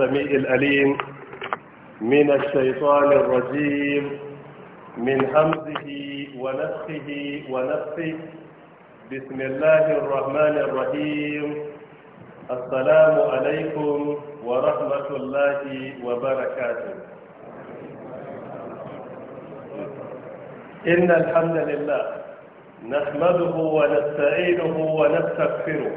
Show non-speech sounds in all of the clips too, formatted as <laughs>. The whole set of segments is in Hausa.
السميع الأليم من الشيطان الرجيم من همزه ونفخه ونفخه بسم الله الرحمن الرحيم السلام عليكم ورحمة الله وبركاته إن الحمد لله نحمده ونستعينه ونستغفره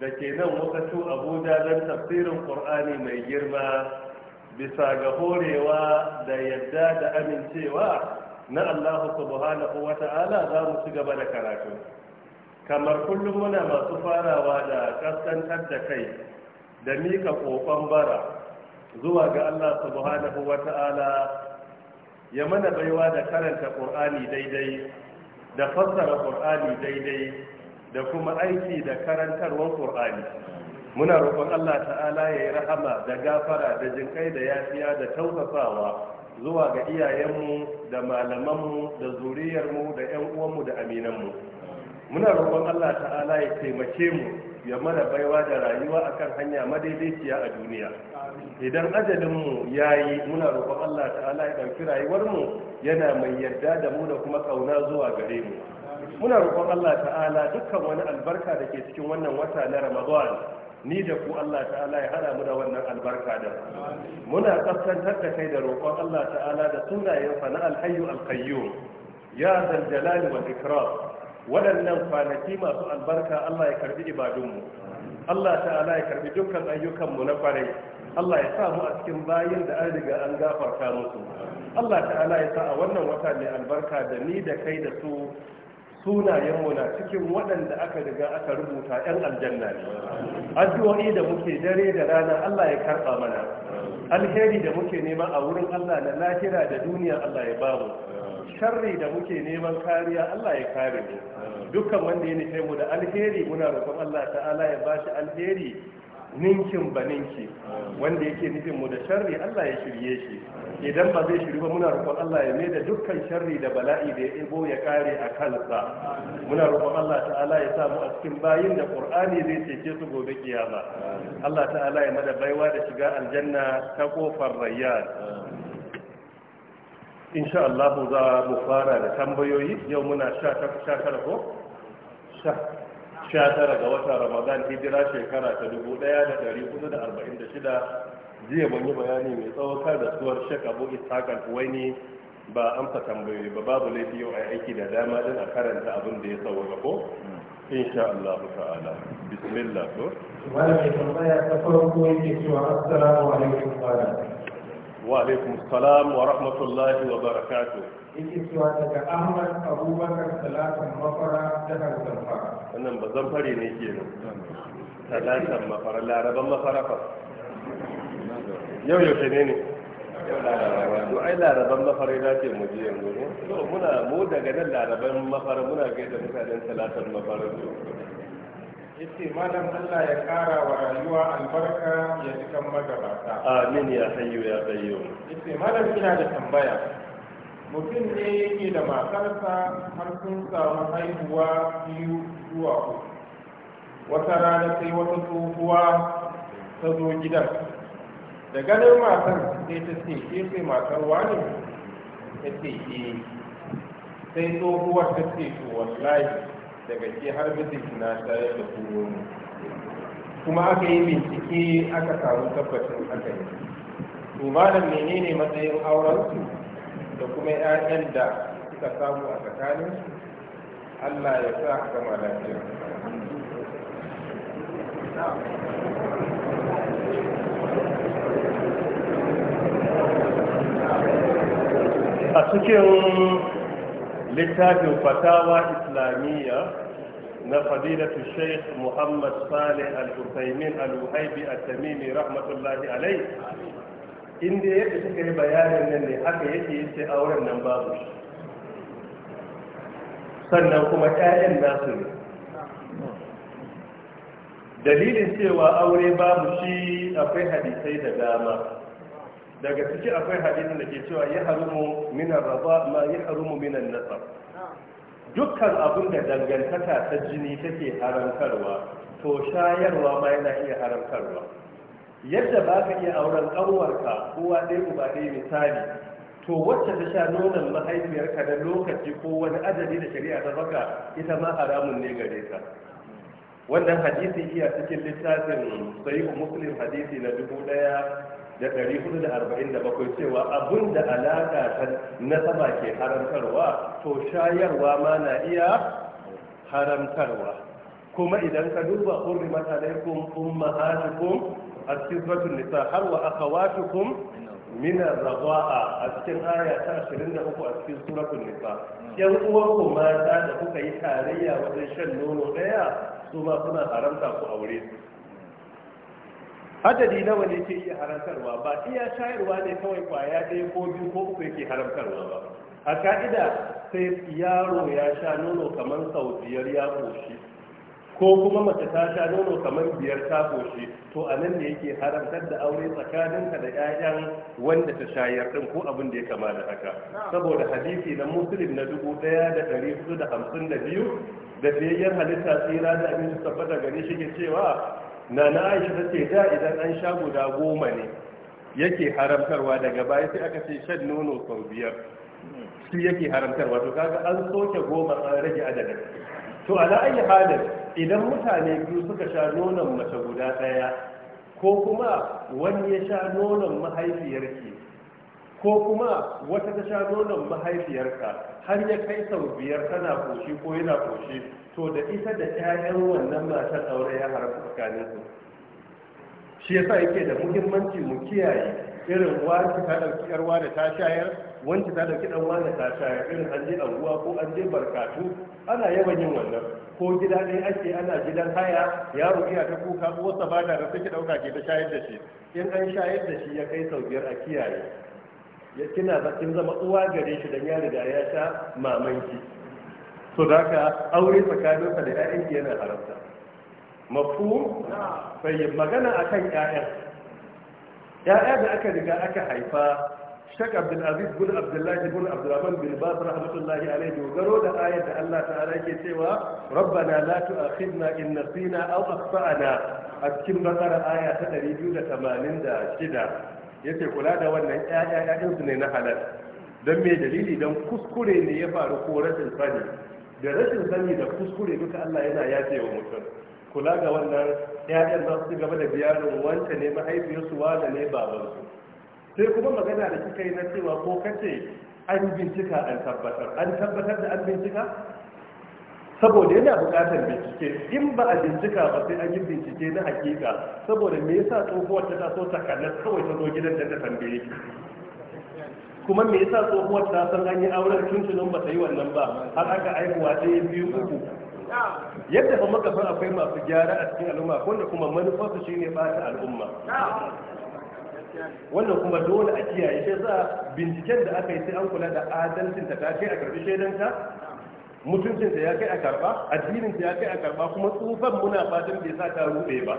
da ke nan wakatu abuja don tafsirin ƙur'ani mai girma bisa ga horewa da yadda da amincewa na Allahu subhanahu wa ta'ala za mu ci gaba da karatu kamar kullum muna masu farawa da kaskantar da kai da mika kokon bara zuwa ga allah subhanahu wa ta'ala ya mana baiwa da karanta ƙur'ani daidai da fassara ƙur'ani daidai da kuma aiki da karantarwar qur'ani muna roƙon Allah ta'ala ya yi rahama da gafara da jinkai da yafiya da tausafawa zuwa ga iyayenmu da malamanmu da zuriyarmu da 'yan uwanmu da aminanmu muna roƙon Allah ta'ala ya taimake mu ya mana baiwa da rayuwa akan hanya madaidaiciya a duniya idan ajalinmu ya yi muna roƙon Allah ta'ala ya ɗauki rayuwarmu yana mai yarda da mu da kuma ƙauna zuwa gare mu muna roƙon Allah ta'ala dukkan wani albarka da ke cikin wannan wata na Ramadan ni da ku Allah ta'ala ya hada mu da wannan albarka da muna tsaftantar da kai da roƙon Allah ta'ala da sunayen sa na alhayyu alqayyum ya zal jalal wal ikram waɗannan kwanaki masu albarka Allah ya karbi ibadunmu Allah ta'ala ya karbi dukkan ayyukanmu na kwarai Allah ya sa mu a cikin bayin da an riga an gafarta musu Allah ta'ala ya sa a wannan wata mai albarka da ni da kai da su sunayenmu na cikin waɗanda aka riga aka rubuta 'yan aljanna ne addu'o'i da muke dare da rana Allah ya karɓa mana alheri da muke nema a wurin Allah na lahira da duniya Allah ya bamu sharri da muke neman kariya Allah ya kare mu dukkan wanda ya mu da alheri muna roƙon Allah ta'ala ya bashi alheri ninkin ba ninki wanda yake nufin mu da sharri Allah ya shirye shi idan ba zai shiru ba muna roƙon Allah ya da dukkan sharri da bala'i da ya ebo ya kare a kansa muna roƙon Allah ta'ala ya sa mu a cikin bayin da Qur'ani zai cece su gobe kiyama Allah ta'ala ya mada baiwa da shiga aljanna ta kofar rayyan insha Allah za mu fara da tambayoyi yau muna 18 19 ko 19 ga wata ramadan hijira shekara ta 1446 jiya ban yi bayani mai tsawo kan rasuwar shek abu ishaq al-huwaini ba amsa tambayoyi ba babu laifi yau a aiki da dama din a karanta abin da ya ga ko insha Allah ta'ala bismillah to malami tambaya ta farko yake cewa assalamu alaikum wa alaikum salam wa rahmatullahi wa barakatuh yake cewa daga ahmad abubakar talatan mafara jihar zamfara wannan ba zamfare ne ke nan talatan mafara laraban mafara fa yau yaushe ne ne to ai laraban mafara ya ce mu je yanzu ne to muna mu daga nan laraban mafara muna gaida mutanen talatan mafara yace malam Allah ya kara wa rayuwa albarka ya cikan magabata amin ya hayyu ya qayyum yace malam ina da tambaya mutum ne yake da matarsa har sun samu haihuwa biyu zuwa ku. wata rana sai wata tsohuwa ta zo gidan da ganin matar sai ta ce ke sai matar wani ta ce ke eh. sai tsohuwar ta ce to wallahi daga ke har mijinki na shayar da ku kuma aka yi bincike aka samu tabbacin aka yi to malam menene matsayin auren su da kuma 'ya'yan da suka samu a tsakanin Allah ya sa gama lafiya a cikin littafin fatawa islamiyya na fadilatu sheikh muhammad salih al-husaymin al-uhaibi at-tamimi rahmatullahi alai. inda yadda suka yi bayanin nan ne haka yake yi sai auren nan babu shi. sannan kuma 'ya'yan nasu ne dalilin cewa aure babu shi akwai hadisai da dama daga ciki akwai hadisin da ke cewa ya harumu minan raba ma ya harumu minan nasar dukkan abin da dangantaka ta jini take haramkarwa to shayarwa ma yana iya haramkarwa yadda ba ka iya auren ƙanwarka kowa ɗaya uba ɗaya misali to wacce ta sha nonon mahaifiyarka na lokaci ko wani adadi da shari'a ta baka ita ma haramun ne gare ka wannan hadisi iya cikin littafin sahihu muslim hadisi na dubu ɗaya da ɗari hudu da arba'in da bakwai cewa abun da alaƙa ta nasaba ke haramtarwa to shayarwa ma na iya haramtarwa kuma idan ka duba hurrimat alaikum ummahatukum asizatun nisa har wa aka akhawatukum kun mina radaa a cikin aya ta 23 a cikin suratul nisa yan uwanku mata da kuka yi tarayya wajen shan nono daya su ma suna haramta ku aure Hadadi adadi nawa ne ke iya haramtarwa ba iya shayarwa ne kawai kwaya ɗaya ko biyu ko uku yake haramtarwa ba a ka'ida sai yaro ya sha nono kamar sau biyar ya koshi ko kuma mace ta sha nono kamar biyar ta koshi to a nan ne yake haramtar da aure tsakaninka da 'ya'yan wanda ta shayar din ko abin da ya kama da haka saboda hadisi na muslim na dubu ɗaya da ɗari hudu da hamsin da biyu da biyayyar halitta tsira da abin su tabbata gani shi ke cewa na na aisha ta ce da idan an sha guda goma ne yake haramtarwa daga baya sai aka ce shan nono sau biyar shi yake haramtarwa to kaga an soke goma an rage adadin to ala ayi halin idan mutane biyu suka sha nonon mace guda daya ko kuma wani ya sha nonon mahaifiyar ki, ko kuma wata ta sha nonon mahaifiyarka har ya kai sau biyar tana koshi ko yana koshi to da ita da 'ya'yan wannan matan aure ya haramta su shi yasa yake da muhimmanci mu kiyaye irin wani ta ɗauki yarwa da ta shayar Wancan ta dauki dan wani ta shaya irin an je anguwa ko an je barkatu ana yawan yin wannan ko gida ɗaya ake ana gidan haya yaro iya ta kuka ko wasa ba da sai ki dauka ke ta shayar da shi in an shayar da shi ya kai sau a kiyaye ya kina ba kin zama uwa gare shi dan ya riga ya sha mamanki to da haka aure tsakaninsa da ki yana haramta mafu bayyana magana akan ƴaƴan ƴaƴa da aka riga aka haifa shek abdulaziz bin abdullahi bin abdurrahman bin bas rahmatullahi alaihi dogaro da ayar da Allah ta'ala yake cewa rabbana la tu'akhidna in nasina aw akhtana a cikin bakara aya ta 286 yace kula da wannan ƴaƴa ƴaƴan su ne na halal dan me dalili dan kuskure ne ya faru ko rashin sani da rashin sani da kuskure duka Allah yana yafe wa mutum kula ga wannan ƴaƴan za su gaba da biyarin wanta ne mahaifiyarsu wanda ne babansu sai kuma magana da kika yi na cewa ko kace an bincika an tabbatar an tabbatar da an bincika saboda yana buƙatar bincike in ba a bincika ba sai an yi bincike na hakika saboda me yasa tsohuwar ta so ta kallar kawai ta zo gidan da ta tambaye ki kuma me yasa tsohuwar ta san an yi auren tuntunan ba ta yi wannan ba har aka aihuwa ta yi biyu uku yadda ba muka san akwai masu gyara a cikin al'umma wanda kuma manufarsu shine ɓata al'umma wannan kuma dole a kiyaye shi za binciken da aka yi sai an kula da adalcin ta ta kai a karbi ta mutuncin ta ya kai a karba addinin ta ya kai a karba kuma tsufan muna fatan bai sa ta rube ba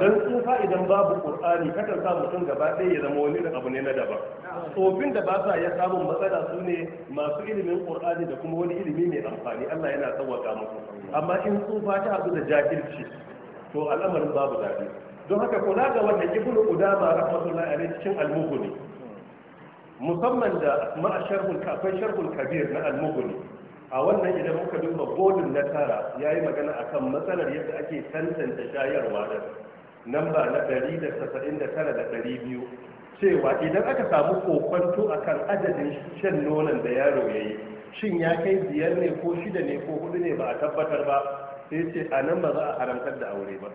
dan tsufa idan babu qur'ani kakan sa mutum gaba ɗaya ya zama wani abu ne na daban tsofin da ba sa ya samu matsala su ne masu ilimin qur'ani da kuma wani ilimi mai amfani Allah yana tsawaka musu amma in tsufa ta abu da jahilci to al'amarin babu daɗi don haka kula ga wanda ibn qudama rahmatullahi alaihi cikin al-mughni musamman da ma'a sharhul kafin sharhul kabir na al-mughni a wannan idan muka duba bodin na tara yayi magana akan matsalar yadda ake tantance shayarwa da namba na 179 da 200 cewa idan aka samu kokwanto akan adadin shan nonon da yaro yayi shin ya kai biyar ne ko shida ne ko hudu ne ba a tabbatar ba sai ce a nan ba za a haramtar da aure ba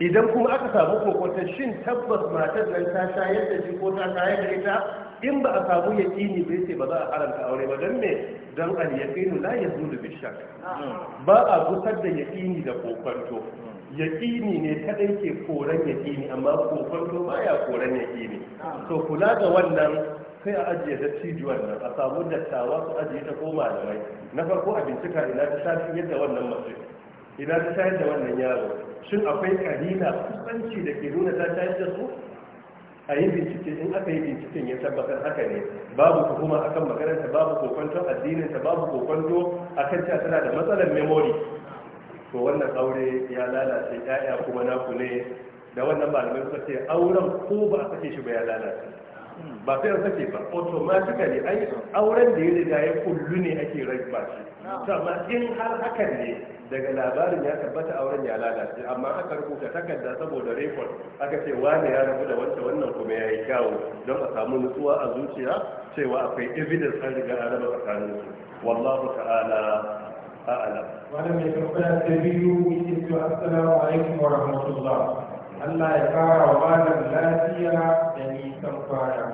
idan kuma aka samu kokonta shin tabbas matar nan ta shayar da shi ko ta shayar da ita in ba a samu ne bai ce ba za a haranta aure ba don me don al yaqinu la yazulu bi shak ba a gusar da yaqini da kokonto yaqini ne kadai ke koran yaqini amma kokonto baya koran yaqini to kula da wannan sai a ajiye dattijuwar nan a samu dattawa su ajiye ta ko malamai na farko a bincika ina ta shafi yadda wannan mace ina ta shayar da wannan yaro shin akwai karina kusanci da ke nuna ta shayar da su a yi bincike in aka yi binciken ya tabbatar haka ne babu tuhuma kan makaranta babu kokwanto addininta babu kokwanto kan cewa tana da matsalar memori. to wannan aure ya lalace ya'ya kuma naku ne da wannan malamai suka ce auren ko ba a sake shi ba ya lalace ba sai an sake ba automatically ai auren da ya riga ya kullu ne ake rage ba shi amma in har haka ne daga labarin ya tabbata auren ya lalace amma aka rubuta takarda saboda rekod aka ce wane ya rabu da wancan wannan kuma ya yi kyawu don a samu nutsuwa a zuciya cewa akwai evidence an riga an raba tsakanin su wallahu ta'ala a'ala wannan mai tambaya ta biyu yake cewa assalamu alaikum wa rahmatullah Allah ya fara wa malam lafiya da nisan kwana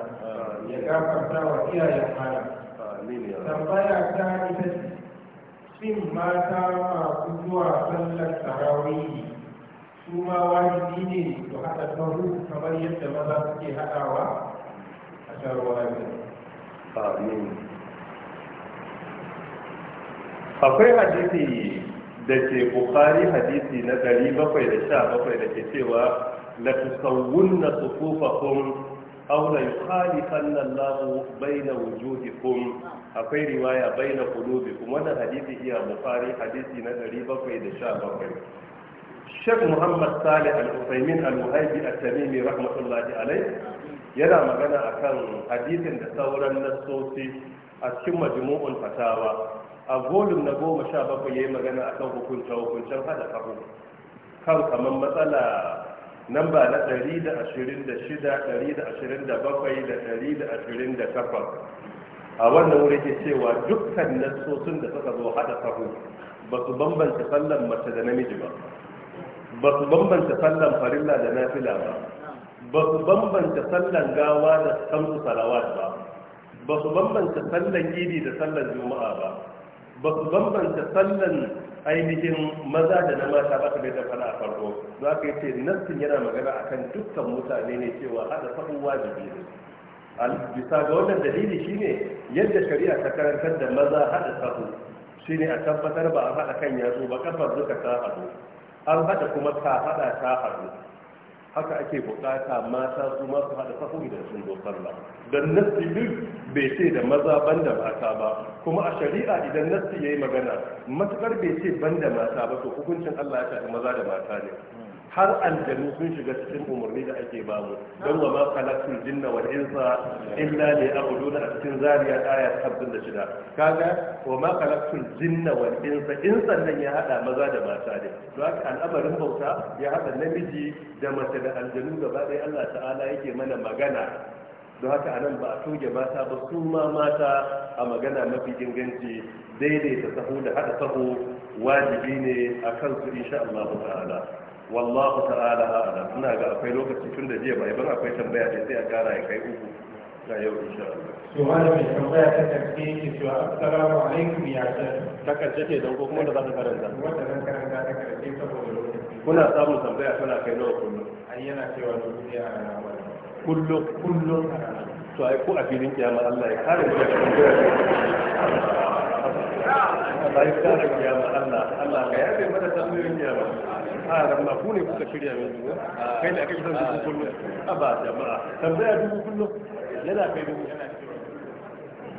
ya gafarta wa iyayen malam tambaya ta ita ce bin mata masu zuwa sallar tarawihi su ma wajibi ne su haɗa sahu kamar yadda maza suke haɗawa a shawarwari amin akwai hadisi da ke bukari hadisi na 717 da ke cewa la tusawwunna sufufakum aw la yukhalifanna Allahu bayna wujuhikum akwai riwaya kulubi kuma da hadisi iya bukhari hadisi na 717 Sheikh Muhammad Salih Al-Uthaymeen al muhaibi a tamimi rahmatullahi alai yana magana akan hadisin da sauran nassosi a cikin majmu'un fatawa a volume na 17 yayi magana akan hukunta hukuncin hada kafu kan kaman matsala namba na 126 127 da 128 a wannan wuri ke cewa dukkan nassosin da suka zo hada sahu ba su bambanta sallan mace da namiji ba ba su bambanta sallan farilla da nafila ba ba su bambanta sallan gawa da samsu salawat ba ba su bambanta sallan idi da sallan juma'a ba ba su bambanta sallan ainihin maza da na mata ba kamar da fara a farko za ka yi ce nassin yana magana akan dukkan mutane ne cewa hada sahu wajibi ne bisa ga wannan dalili shine yadda shari'a ta karantar da maza haɗa sahu shine a tabbatar ba a haɗa kan yatsu ba kafar duka ta haɗu an haɗa kuma ta haɗa ta haɗu haka ake buƙata mata su ma su sahu idan sun zo sallah don nassi duk bai ce da maza ban da mata ba kuma a shari'a idan ya yi magana matuƙar bai ce ban da mata ba to hukuncin Allah ya shafi maza da mata ne har aljanu sun shiga cikin umarni da ake bamu don wa ma kalatul jinna wal insa illa li a cikin zariya aya 56 kaga wa ma kalatul jinna wal insa insa nan ya hada maza da mata ne to haka al'amarin bauta ya hada namiji da mace da aljanu gaba ɗaya Allah ta'ala yake mana magana don haka anan ba a toge mata ba su ma mata a magana mafi inganci daidaita sahu da hada sahu wajibi ne a kansu insha Allah ta'ala والله تعالى أعلم إن أجا أقول لك تكون ده جيب أيضا أقول تبع جدي أجا رأي كي أقول لا يوجد شيء سؤال من حمزة تكفي سؤال السلام عليكم يا سيد تكفي جدي دعوك ما نبغى نبغى نبغى نبغى كنا سامو تبع كنا كي نقول كل أيام كي ولا كل كل سؤال كل أكيد يا مال الله كارم الله يسارك يا مال الله الله يا أخي ماذا تقولين يا مال الله Ah, a ramma ku ne kuka shirya mai zuwa eh? kai da aka kiran dubu kullum a ba jama'a tambaya dubu kullum yana kai dubu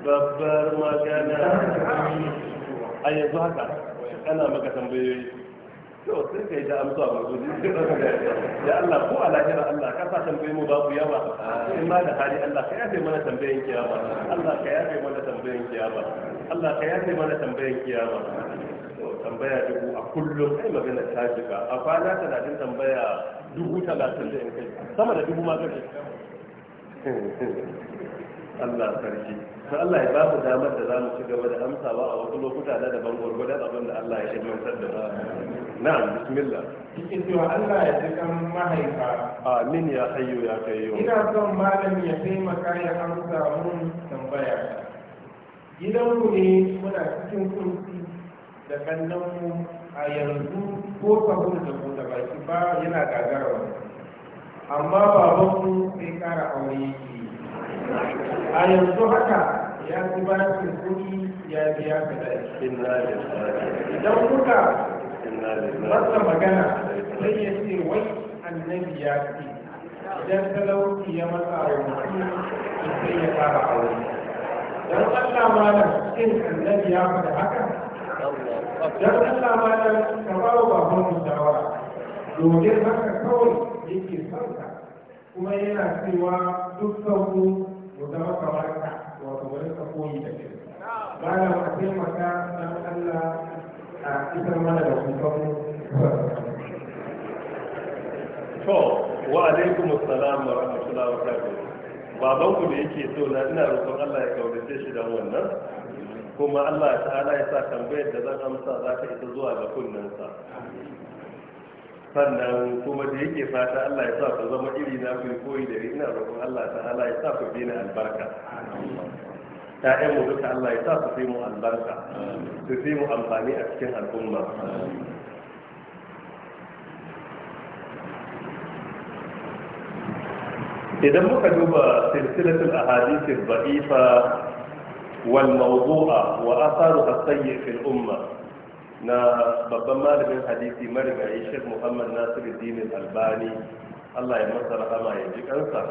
babbar magana a yanzu haka ana maka tambayoyi to sai kai da amsa ba zo ya Allah ko a lahira Allah ka sa tambayi mu babu yawa in ma da hali Allah ka yafe mana tambayan kiyama Allah ka yafe mana tambayan kiyama Allah ka yafe mana tambayan kiyama tambaya dubu a kullum kai magana ta shiga a kwana talatin tambaya dubu talatin da kai sama da dubu magana Allah sarki to Allah ya ba mu damar da za mu ci gaba da amsawa a wasu lokuta na daban gwargwadon abin da Allah ya shirmantar da ba na'am bismillah cikin cewa Allah ya ji kan mahaifa amin ya hayyo ya kayyo ina son malam ya taimaka ya amsa mun tambaya Gidan mu ne muna cikin kursi da mu a yanzu ko saboda da ku da baki ba yana gagara wani amma babanmu sai kara aure yake a yanzu haka ya fi ba su kuɗi ya biya ka da idan kuka masa magana sai ya ce wai annabi ya ce idan talauci ya matsa wa mutum sai ya kara aure don Allah malam annabi ya faɗa haka don Allah ma dan ka ba wa babanmu shawara domin haka kawai yake son ka kuma yana cewa duk sauku mu zama kamar ka wato wani ka koyi da kai malam a taimaka don Allah a isar mana da kusanmu to wa alaikum assalam wa rahmatullahi wa babanku da yake so na ina roƙon Allah ya kaudace shi dan wannan kuma Allah ta'ala ya sa tambayar da zan amsa za ta isa zuwa ga kunnensa sannan kuma da yake fata Allah ya sa ku zama iri na ku koyi da ina roƙon Allah ta'ala ya sa ku bi ni albarka ta'yan mu duka Allah ya sa ku fi mu albarka su fi mu amfani a cikin al'umma idan muka duba silsilatul ahadithil ba'ifa والموضوع وأثارها Hassan في umma na babban malamin hadisi marigayi shek muhammad nasiru dinin albani allah ya masa rahama ya ji kansa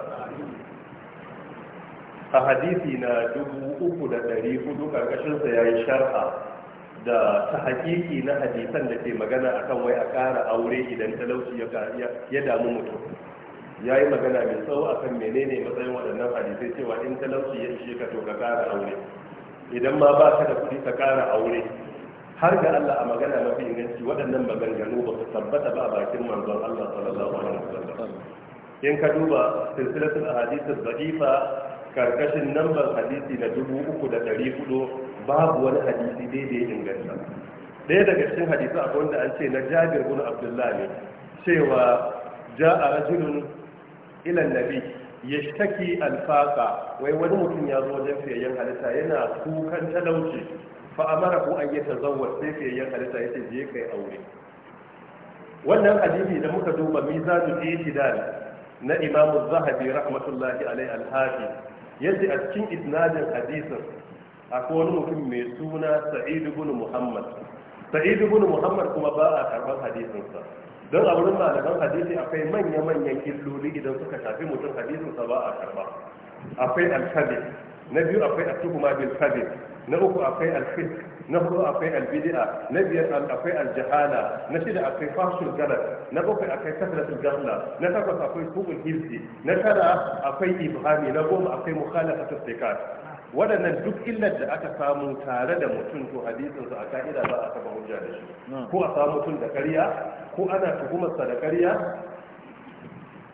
a hadisi na dubu uku da ɗari hudu ƙarƙashinsa ya yi shar'a da ta hakiki na hadisan da ke magana akan wai a ƙara aure idan talauci ya damu mutum ya yi magana mai tsawo a kan menene matsayin waɗannan hadisai cewa in talauci ya ishe ka to ka ƙara aure idan ma ba ka da kuɗi ka ƙara aure har ga Allah a magana mafi inganci waɗannan maganganu ba su tabbata ba a bakin manzon Allah sallallahu alaihi wasallam in ka duba silsilatul ahadithus da'ifa karkashin lambar hadisi na dubu uku da ɗari hudu babu wani hadisi daidai inganta ɗaya daga cikin hadisi akwai wanda an ce na jabir bin abdullahi cewa ja a rajulun ila nabi yashtaki alfaka wai wani mutum ya zo wajen fiyayyen halitta yana kukan talauci fa amara ko an yatazawwaj sai fiyayyen halitta ce je kai aure wannan hadisi da muka duba mizanul da na imamu zahabi rahmatullahi alaihi alhaji yace a cikin isnadin hadisin akwai wani mutum mai suna sa'id ibn muhammad sa'id ibn muhammad kuma ba a karban hadisinsa don a wurin malaman hadisi akwai manya-manyan illoli idan suka shafi mutum hadisin sa ba a karba akwai alkabi na biyu akwai atuhuma bil kabi na uku akwai alfit. na huɗu akwai albidi'a na biyar akwai aljahala na shida akwai fashul galat na bakwai akwai kasratul jahla na takwas akwai kubul hizbi na tara akwai ibhami na goma akwai mukhalafatul sikat waɗannan duk illar da aka samu tare da mutum to hadisin a ka'ida ba a taba hujja da shi hmm. ko a samu mutum da ƙarya ko ana tuhumarsa da ƙarya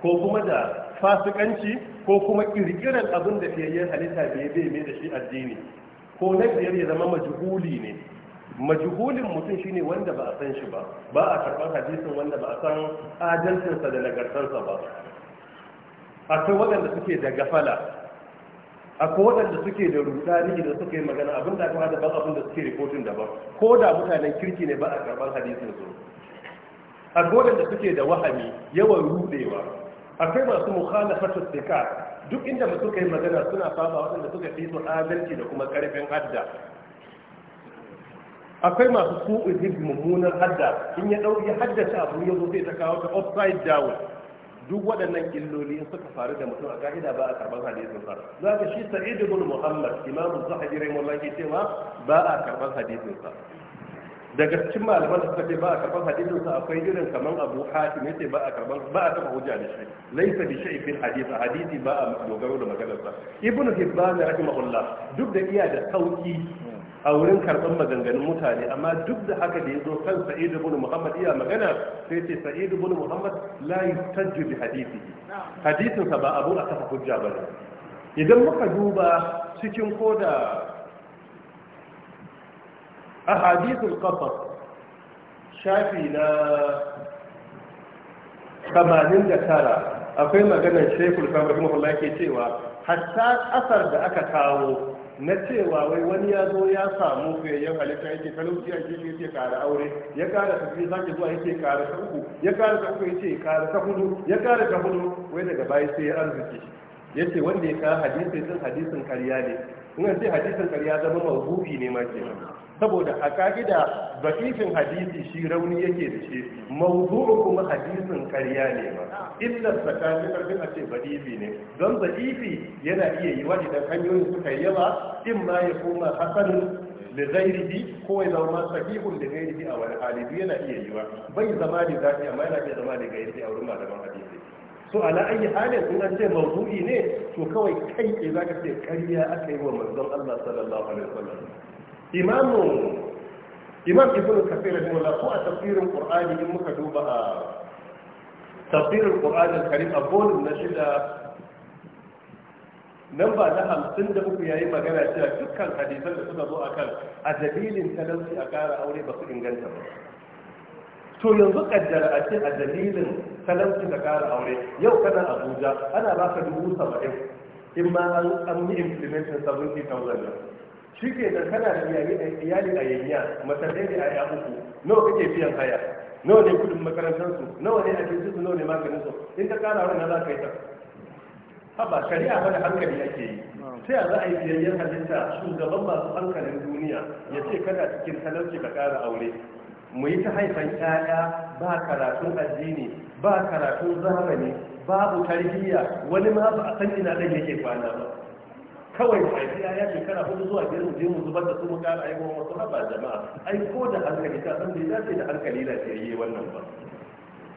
ko kuma da fasikanci ko kuma ƙirƙirar abin da fiyayyen halitta da ya bai mai da shi addini ko na biyar ya zama majhuli ne majhulin mutum shine wanda ba a san shi ba ba a karɓar hadisin wanda ba a san adalcinsa da nagartarsa ba akwai waɗanda suke da gafala akwai waɗanda suke da rudani da suke magana abin da aka hada ban abin da suke rikotin daban ko da mutanen kirki ne ba a karɓar hadisin su akwai da suke da wahami yawan rudewa akwai masu mukhalafatu thiqat duk inda mutum kai magana suna fama waɗanda suka fi su adalci da kuma karfin hadda akwai masu su'u jirgin mummunan hadda in ya ɗauki ya haddace abu ya zo sai ta kawo ta upside down duk waɗannan illoli in suka faru da mutum a ka'ida ba a karɓar hadisin sa za ka shi sa'id ibn muhammad imamu zahabi rahimahullahi cewa ba a karɓar hadisin sa daga cikin malaman da suka ce ba a karban hadisin sa akwai irin kaman Abu Hatim yace ba a karban ba a taba hujja da shi laysa bi shay'in fil hadith hadisi ba a dogaro da maganar sa Ibn Hibban rahimahullah duk da iya da sauki a wurin karban maganganun mutane amma duk da haka da yazo kan Sa'id ibn Muhammad iya magana sai ce Sa'id ibn Muhammad la yustajju bi hadisihi hadisin sa ba abu a taba hujja bane idan muka duba cikin koda أحاديث القصص شافي لا ثمانين دكارة أقول ما قلنا الشيخ الكام رحمه الله كي تيوا حتى أثر دأك كاو na wa wai wani ya zo ya samu fiyayyen halitta yake talauci a gefe yake kara aure ya kara ta biyu zaki zuwa yake kara ta uku ya kara ta uku yake kara ta hudu ya kara ta hudu wai daga baya sai ya arziki yace wanda ya kara hadisi din hadisin karya ne kuma sai hadisin karya zama mawdu'i ne ma kenan saboda a ka'ida bakifin hadisi shi rauni yake da shi mawdu'u kuma hadisin karya ne ba illa tsakanin karfin a ce badifi ne don badibi yana iya yiwa idan hanyoyin suka yi yawa in ma ya koma hasan da zairihi ko ya zama sahihun da zairihi a wani hali yana iya yiwa bai zama da zafi amma yana iya zama da gairihi a wurin malaman hadisi so ala ayi halin in an ce mawdu'i ne to kawai kai ke zaka ce ƙarya aka yi wa manzon Allah sallallahu alaihi wasallam imamu imam ibn kafir wala ko a tafsirin qur'ani in muka duba a tafsirin qur'ani karim a bolum na shida nan ba na hamsin da uku yayi magana cewa dukkan hadisan da suka zo akan a dalilin talauci a ƙara aure ba su inganta ba to yanzu kaddara a ce a dalilin talauci da ƙara aure yau kana abuja ana baka dubu saba'in in ma an yi implementin 70,000 shi ke da kana da iyali a yanya masarai da ya uku nawa kake biyan haya nawa ne kudin makarantarsu nawa ne abinci su nawa ne maganin su in ka kara wani na za ka yi ta haba shari'a ba da hankali ake yi sai a za a yi biyayyar halitta shugaban masu hankalin duniya ya ce kana cikin talauci ka kara aure mu yi ta haifan 'ya'ya, ba karatun addini ba karatun zamani babu tarbiyya wani ma ba a san ina ɗan yake kwana ba kawai mu aiki ya shekara hudu zuwa biyar mu je mu zubar da su mu kara aiki wa wasu haba jama'a ai ko da hankali ta san bai dace da hankali na yi wannan ba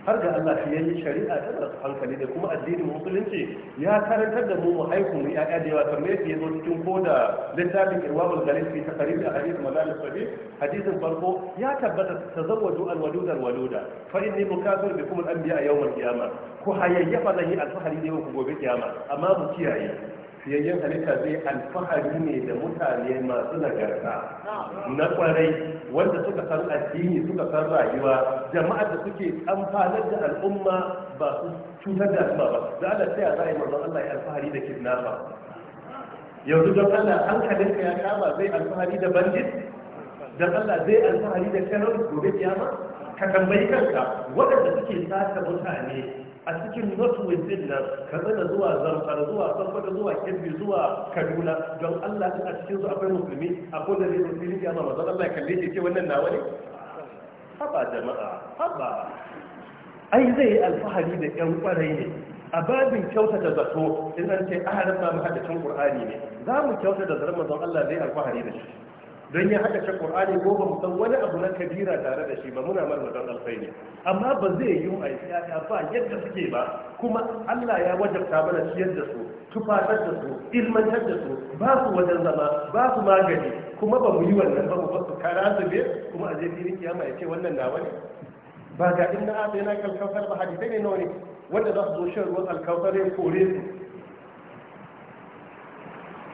har ga Allah shi yayi shari'a ta da hankali da kuma addinin musulunci ya karantar da mu mu haihu mu ya da yawa kamar yadda yazo cikin ko da littafin irwabul galil fi taqrir da hadith malal sabi hadithin farko ya tabbata tazawwaju alwaluda alwaluda fa inni mukafir bikum al-anbiya yawm al-qiyamah ku hayayyafa zan yi alfahari da yau ku gobe kiyama amma mu kiyaye Siyayyen halitta zai alfahari ne da mutane masu nagarta na kwarai wanda suka san addini suka san rayuwa jama'a da suke amfanar da al'umma ba su cutar da al'umma ba za a sai za a yi manzon Allah ya alfahari da kidnapper yanzu don Allah hankalinka ya kama zai alfahari da bandit don Allah zai alfahari da terrorist gobe kiyama ka tambayi kanka waɗanda suke sata mutane a cikin northwest din nan zana zuwa zamfara zuwa da zuwa kirbi zuwa kaduna don allah a cikin zuwa akwai musulmi a kodin da musulmi ya ma mazan allah ya kalle ce wannan nawa ne haba jama'a haba ai zai yi alfahari da yan kwarai ne a babin kyauta da zato in an ce ahalin ma mahaddacin qur'ani ne za mu kyauta da zarar mazan allah zai alfahari da shi don ya haɗa ta ƙur'ani ko ba mu san wani abu na kabira tare da shi ba muna marmadan alkhairi amma ba zai yi a yaya ba yadda suke ba kuma Allah ya wajabta mana ciyar da su tufatar da su ilmantar da su ba su wajen zama ba su magani kuma ba mu yi wannan ba mu ba su kara su be kuma a je filin kiyama ya ce wannan nawa ne ba ga inna a tsaye na kalkaukar ba hadisai ne nawa ne wanda za su zo shan ruwan alkaukar ya kore su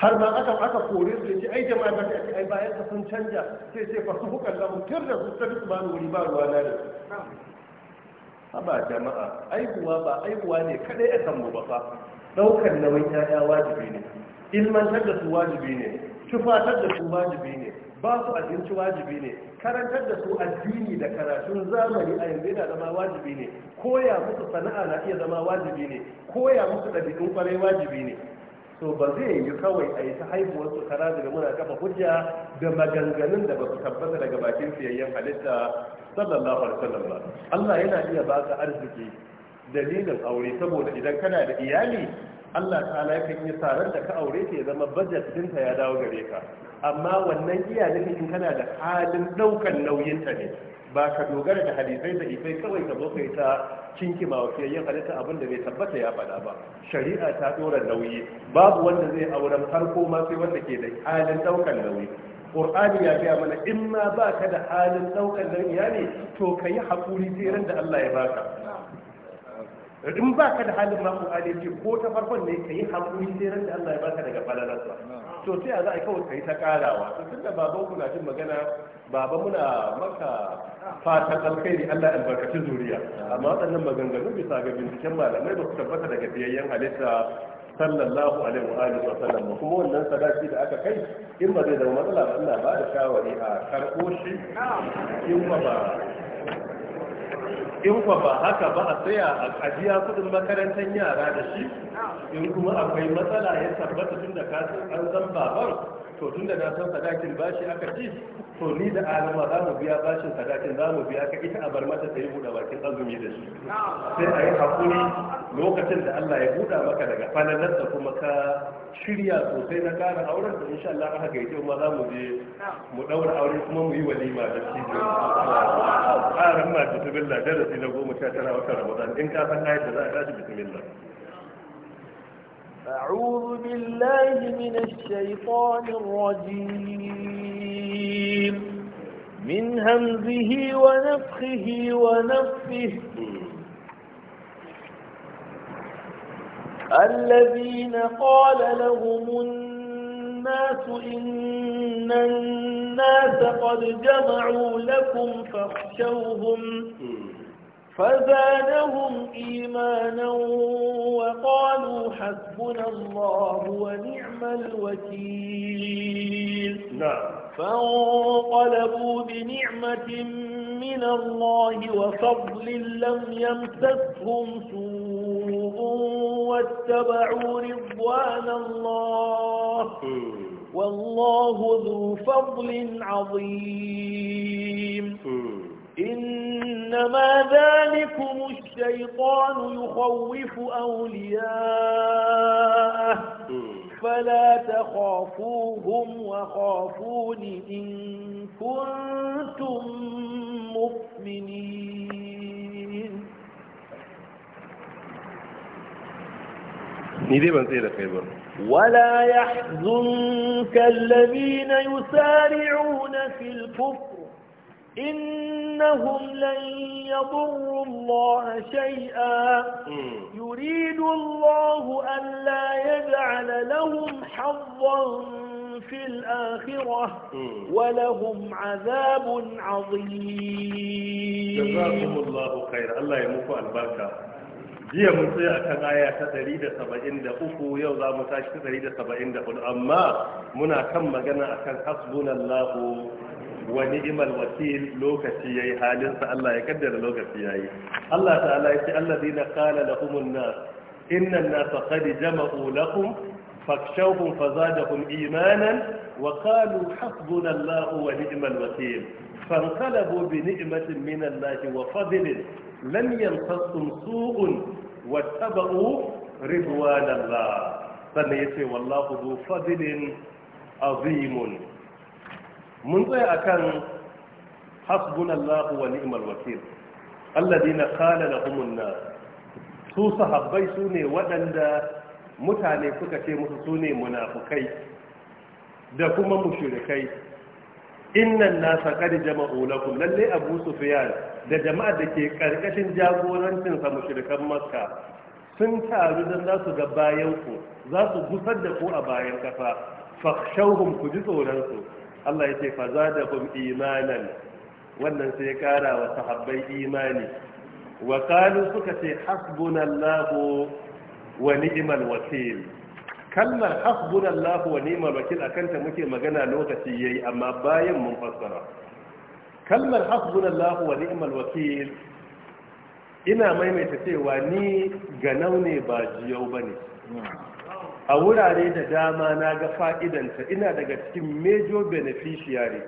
har ma aka aka kore su ce ai jama'a ba ta ai bayan ka sun canja sai sai fa su hukan lamu tun da su tafi ba wuri ba ruwa na ne. haba jama'a aihuwa ba aihuwa ne kadai a kan mu ba fa daukar nauyin yaya wajibi ne ilmantar da su wajibi ne tufatar da su wajibi ne ba su abinci wajibi ne karantar da su addini da karatun zamani a yanzu yana zama wajibi ne koya musu sana'a na iya zama wajibi ne koya musu ɗabi'un kwarai wajibi ne to ba zai yi kawai a yi ta haihuwar su kara daga muna kafa hujja da maganganun da ba su tabbata daga bakin siyayyen halitta sallallahu alaihi wasallam ba Allah yana iya baka arziki dalilin aure saboda idan kana da iyali Allah ta'ala yakan yi taron da ka aure ta ya zama budget dinta ya dawo gare ka amma wannan iyalin in kana da halin daukan nauyin ta ne ba ka dogara da hadisai da ifai kawai ka zo kai ta ma wa fiyayyen halitta abin da bai tabbata ya faɗa ba shari'a ta dora nauyi babu wanda zai auren farko ma sai wanda ke da halin ɗaukar nauyi Qur'ani ya ga mana in ma ba ka da halin ɗaukar nauyi ya ne to ka yi haƙuri sai ran da Allah ya baka in ba ka da halin ma Qur'ani ce ko ta farkon ne ka yi haƙuri sai ran da Allah ya baka daga sa to sai a za a kawai ka yi ta ƙarawa to tunda baban ku na jin magana baba muna maka fatan alkhairi Allah albarkaci zuriya amma waɗannan maganganun bisa ga binciken malamai ba su tabbata daga biyayyen halitta sallallahu alaihi wa alihi wa sallam kuma wannan sadaki da aka kai in ba zai zama matsala ba ina ba da shawari a karɓo shi in ba ba in kwa ba haka ba a tsaya a ajiya kudin makarantar yara da shi in kuma akwai matsala ya tabbata tun da kasin an zan baban to tunda na san sadakin bashi aka ci to ni da alama za mu biya bashin sadakin za mu biya ka ita a bar mata ta yi buɗe bakin azumi da shi sai a yi hakuri lokacin da Allah ya buɗa maka daga falalar da kuma ka shirya sosai na ƙara auren da insha Allah aka gaje kuma za mu je mu ɗaura aure kuma mu yi walima da shi ne ƙarin ma bismillah darasi na goma sha tara wata ramadan in ka san ayat da za a tashi bismillah أعوذ بالله من الشيطان الرجيم من همزه ونفخه ونفه الذين قال لهم الناس إن الناس قد جمعوا لكم فاخشوهم فزادهم إيمانا وقالوا حسبنا الله ونعم الوكيل نعم فانقلبوا بنعمة من الله وفضل لم يمسسهم سوء واتبعوا رضوان الله والله ذو فضل عظيم إنما ذلكم الشيطان يخوف أولياءه فلا تخافوهم وخافون إن كنتم مؤمنين ولا يحزنك الذين يسارعون في الكفر إنهم لن يضروا الله شيئا يريد الله أن لا يجعل لهم حظا في الآخرة ولهم عذاب عظيم جزاكم الله خير الله يمفع البركة جيه منصير أكاد آية تدريد سبعين دقوفو يوضع متاشت تدريد سبعين دقوفو أما منا كم مجنع أكاد حسبنا الله wa ni'mal wakil lokaci yayi halin sa Allah ya kaddara lokaci yayi Allah ta'ala yace allazina qala lahumun nas inna an-nasa qad jama'u lakum fakshawhum fazadahum imanan wa qalu hasbuna Allah wa ni'mal wakil فانقلبوا بنعمة من الله وفضل لم يمسسهم سوء واتبعوا رضوان الله فما يتي wallahu ذو فضل azimun. mun tsaya akan hasbunallahu wa ni'mal wakil alladina qala lahumun nas su sahabbai ne waɗanda mutane suka ce musu su ne munafukai da kuma mushirikai. innan nasa qad jama'u lakum lalle abu sufyan da jama'a da ke ƙarƙashin jagorancin sa mushrikan makka sun taru dan za su ga bayan ku za su gusar da ku a bayan kafa shauhun ku ji tsoron Allah ya ce fa zadahum imanan wannan sai ya kara wa sahabbai imani wa qalu suka ce hasbunallahu wa ni'mal wakil kalmar hasbunallahu wa ni'mal wakil akan ta muke magana lokaci yayi amma bayan mun fassara kalmar hasbunallahu wa ni'mal wakil ina maimaita cewa ni ganau ne ba jiyau bane a wurare da dama na ga fa'idanta ina daga cikin major beneficiary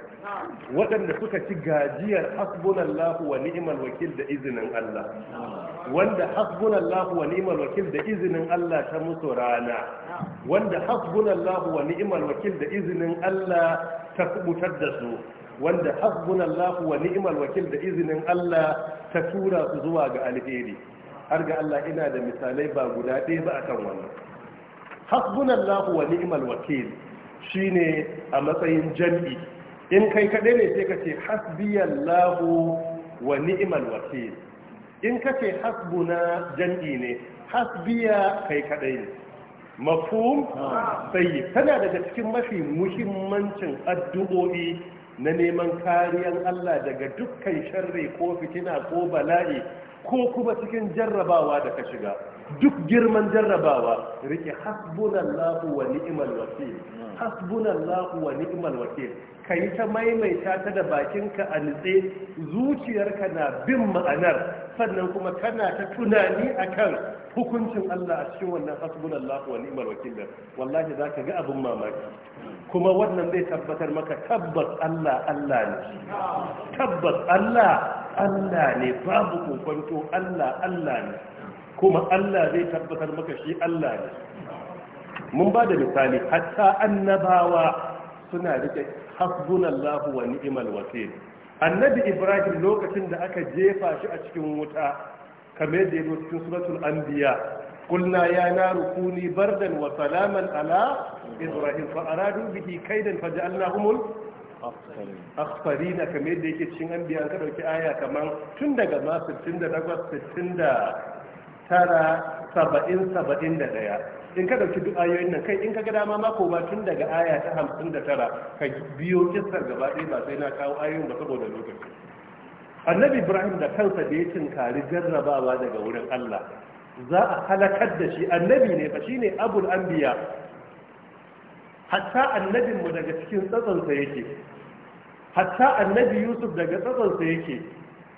waɗanda suka ci gajiyar hasbunallahu wa ni'imar wakil da izinin Allah wanda hasbunallahu wa ni'imar wakil da izinin Allah ta mutu rana wanda hasbunallahu wa ni'imar wakil da izinin Allah ta kubutar da su wanda hasbunallahu wa ni'imar wakil da izinin Allah ta tura su zuwa ga alheri har ga Allah ina da misalai ba guda ɗaya ba akan wannan lahu wa ni'mal wakil shine a matsayin jam'i in kai kaɗai ne sai ka ce lahu wa ni'mal wakil in ka ce hasbuna jam'i ne hasbiya kai kaɗai ne mafhum sai tana daga cikin mafi muhimmancin addu'o'i na neman kariyar Allah daga dukkan sharri ko fitina ko bala'i ko kuma cikin jarrabawa da ka shiga duk girman jarrabawa rike hasbunallahu wa ni'mal wakil hasbunallahu wa ni'mal wakil kai ta maimaita ta da bakinka a nitse zuciyarka na bin ma'anar sannan kuma kana ta tunani akan hukuncin Allah a cikin wannan hasbunallahu wa ni'mal wakil wallahi ka ga abin mamaki kuma wannan zai tabbatar maka tabbas Allah Allah ne tabbas Allah Allah ne babu kokonto Allah Allah ne kuma Allah zai tabbatar maka shi Allah ne mun ba da misali hatta annabawa suna rike hasbunallahu wa ni'mal wakil annabi ibrahim lokacin da aka jefa shi a cikin wuta kamar da yazo cikin suratul anbiya قلنا يا نار كوني بردا وسلاما على إبراهيم فأرادوا به كيدا فجعلناهم akhfarina kamar yadda yake cikin anbiya an ka dauki aya kaman tun daga ma 68 68 tara saba'in saba'in da ɗaya in ka ɗauki duk ayoyin nan kai in ka ga dama mako ba tun daga aya ta hamsin da tara ka biyo kisar gaba ɗaya ba sai na kawo ayoyin ba saboda lokaci annabi ibrahim da kansa da ya tunkari jarrabawa daga wurin allah za a halakar da shi annabi ne ba shine abul anbiya hatta annabinmu daga cikin tsatsonsa yake hatta annabi yusuf daga tsatsonsa yake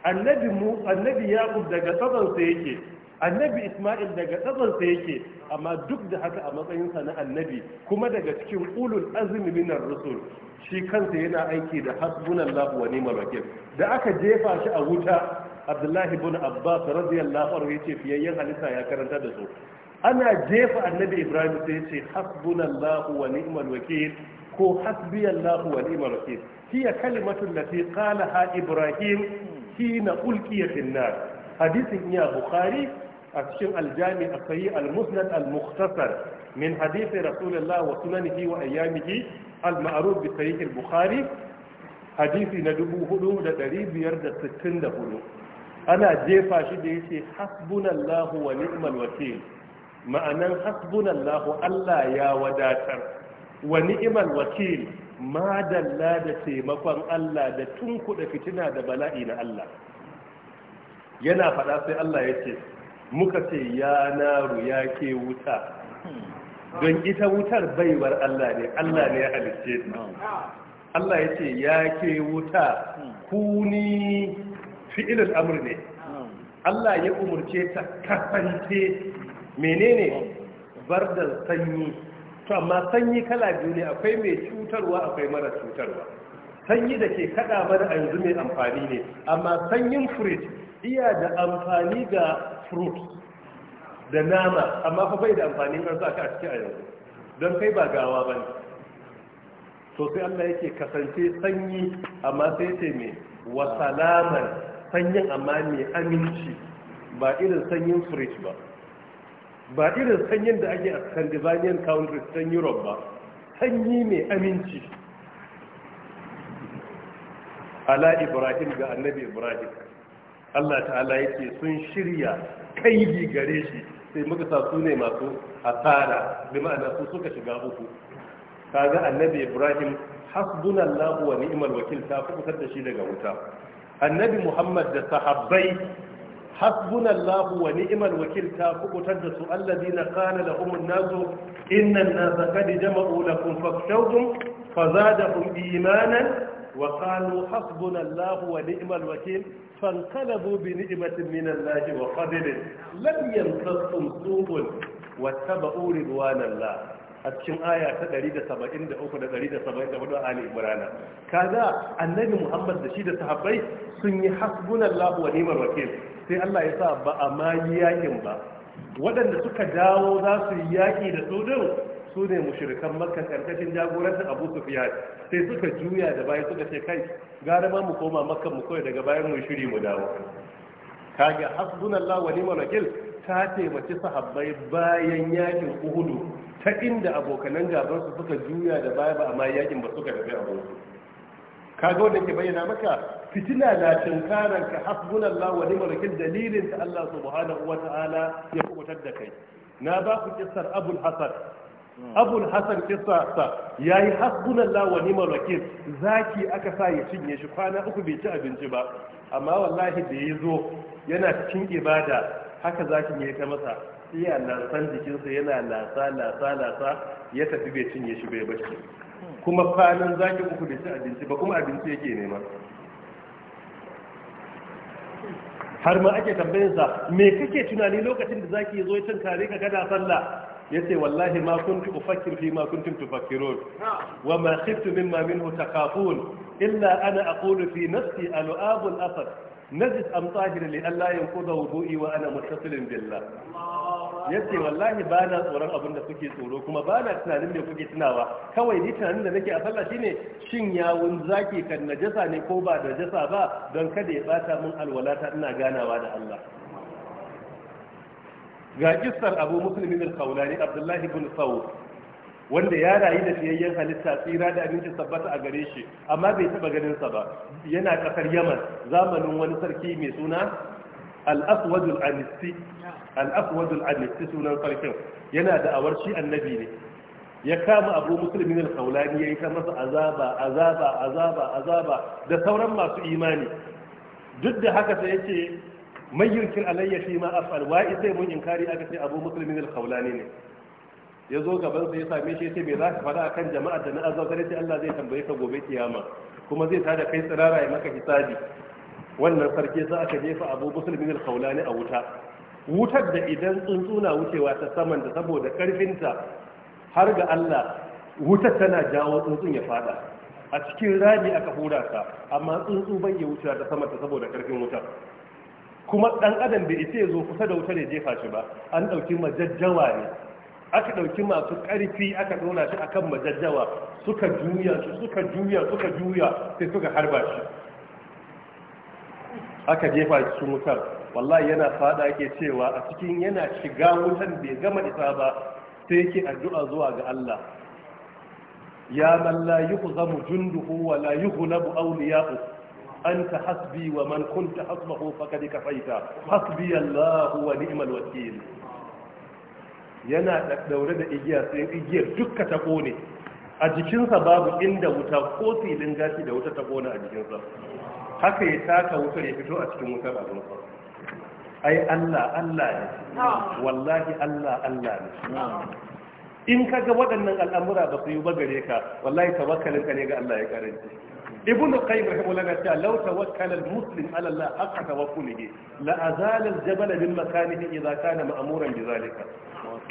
annabi mu annabi yaqub daga tsatsonsa yake annabi isma'il daga tsatsansa yake amma duk da haka a matsayinsa na annabi kuma daga cikin ulul azumi minar rusul shi kansa yana aiki da hasbunallahu wa ni'mal wakil da aka jefa shi a wuta abdullahi ibn abbas radiyallahu anhu yace fiyayyen halitta ya karanta da su ana jefa annabi ibrahim sai yace hasbunallahu wa ni'mal wakil ko hasbiyallahu wa ni'mal wakil hiya kalimatu allati qalaha ibrahim hina ulqiya fin nar hadisin iya bukhari a cikin aljami a sayi al-musnad al min hadisi rasulullah wa sunanihi wa ayyamihi al-ma'ruf bi sahih al-bukhari hadisi na 4564 ana jefa shi da yace hasbunallahu wa ni'mal wakil, ma'anan hasbunallahu Allah ya wadatar wa ni'mal wakil, ma dalla da taimakon Allah da tunkuɗa fitina da bala'i na Allah yana faɗa sai Allah ya ce muka ce ya naru ya ke wuta don ita wutar baiwar Allah ne Allah ne ya halicce ta Allah ya ce ya ke wuta kuni fi'ilul amr ne Allah ya umurce ta kasance menene bardar sanyi to amma sanyi kala biyu ne akwai mai cutarwa akwai mara cutarwa sanyi da ke kada mana a yanzu mai amfani ne amma sanyin fridge iya da amfani ga fruit da nama amma fa bai da amfanin an sa a ciki a yau, don kai ba gawa ba ne to sai Allah yake kasance sanyi amma sai ce mai wa salaman sanyin amma mai aminci ba irin sanyin fridge ba ba irin sanyin da ake a Scandinavian countries ta Europe ba sanyi mai aminci ala Ibrahim ga annabi Ibrahim Allah ta'ala yake sun shirya kaidi gare shi sai muka sa su ne masu asara bi ma'ana su suka shiga uku kaga annabi ibrahim hasbunallahu wa ni'mal wakil ta kubutar da shi daga wuta annabi muhammad da sahabbai hasbunallahu wa ni'mal wakil ta kubutar da su alladina qala lahum an-nasu inna an-nasa qad jama'u lakum fakshawhum fazadahum imanan وقالوا حسبنا الله ونعم الوكيل فانقلبوا بنعمة من الله وفضل لم يمسسهم سوء واتبعوا رضوان الله a cikin aya ta 173 da 174 a Ali Imran kaga annabi Muhammad da shi da sahabbai sun yi hasbunallahu wa ni'mal wakil sai Allah ya sa ba a ma yakin ba waɗanda suka dawo za su yi yaƙi da su din su ne mushrikan makka karkashin jagorantar abu sufiyan sai suka juya da bayan suka ce kai gara ma mu koma makka mu kawai daga bayan mu shiri mu dawo kage Allah wa ni'mal wakil ta taimaki sahabbai bayan yakin uhudu ta inda abokanan su suka juya da baya ba amma yakin ba suka tafi abu kage wanda ke bayyana maka fitina na tunkaran ka Allah wa ni'mal wakil dalilin ta Allah subhanahu wa ta'ala ya kubutar da kai na ba ku kissar abul hasan abul hasan ya yi hasbunallah wa ni'mal wakil zaki aka sa ya cinye shi kwana uku bai ci abinci ba amma wallahi da ya zo yana cikin ibada haka zakin ya ta masa iya lasan jikinsa yana lasa lasa lasa ya tafi bai cinye shi bai bashi kuma kwanan zaki uku bai ci abinci ba kuma abinci yake nema har ma ake tambayinsa me kake tunani lokacin da zaki ya zo ya cin kare ka gada sallah yace wallahi ma kuntu ufakkir fi ma kuntum tufakkirun wa ma khiftu mimma minhu takafun illa ana aqulu fi nafsi alu'ab al-asad najid am tahir li alla yanqudha wudu'i wa ana muttasilin billah yace wallahi ba na tsoron abin da kuke tsoro kuma ba na tunanin me kuke tunawa kawai ni tunanin da nake a sallah shine shin yawun zaki kan najasa ne ko ba najasa ba don kada ya bata min alwalata ina ganawa da Allah ga kissar abu muslimin al-kaulani abdullahi bin sau wanda ya rayu da fiyayyen halitta tsira da abinci sabbata a gare shi amma bai taba ganin sa ba yana kasar yaman zamanin wani sarki mai suna al-aswadul anisti al sunan sarkin yana da awar shi annabi ne ya kama abu musulmin al-kaulani yayi ta masa azaba azaba azaba azaba da sauran masu imani duk da haka sai yace mai yunkin alayya shi ma afal wa'i sai mun inkari aka ce abu musulmin al-khawlani ne ya zo gaban sa ya same shi sai me za ka fara akan jama'a da na azabtar sai Allah zai tambaye ka gobe kiyama kuma zai tada kai tsirara ya maka hisabi wannan sarki za aka jefa abu musulmin al-khawlani a wuta wutar da idan tsuntsuna wucewa ta saman da saboda ta har ga Allah wutar tana jawo tsuntsun ya fada a cikin rami aka hura ta amma tsuntsu bai ya wucewa ta saman ta saboda karfin wutar kuma ɗan adam bai ita ya zo kusa da wuta ne jefa shi ba an ɗauki majajjawa ne aka ɗauki masu ƙarfi aka dora shi akan majajjawa suka juya shi suka juya suka juya sai suka harba shi aka jefa shi su mutar wallahi yana fada yake cewa a cikin yana shiga wutan bai gama isa ba sai yake addu'a zuwa ga Allah ya man la yuhzamu junduhu wa la yuhlabu awliya'uhu anta hasbi wa man kunta hasbahu faqad kafaita hasbi Allah wa ni'mal wakil yana daure da igiya sai igiyar dukka ta kone a jikinsa babu inda wuta ko filin gashi da wuta ta kone a jikinsa haka ya taka wutar ya fito a cikin wutar abin ai Allah Allah ne wallahi Allah Allah ne in ka ga waɗannan al'amura ba su yi ba gare ka wallahi tawakkalin ka ne ga Allah ya karanci ibnu qayyim rahimahullah ya ce law tawakkala al-muslim ala Allah haqqa tawakkulihi la azala al-jabala min makanihi idza kana ma'muran bi zalika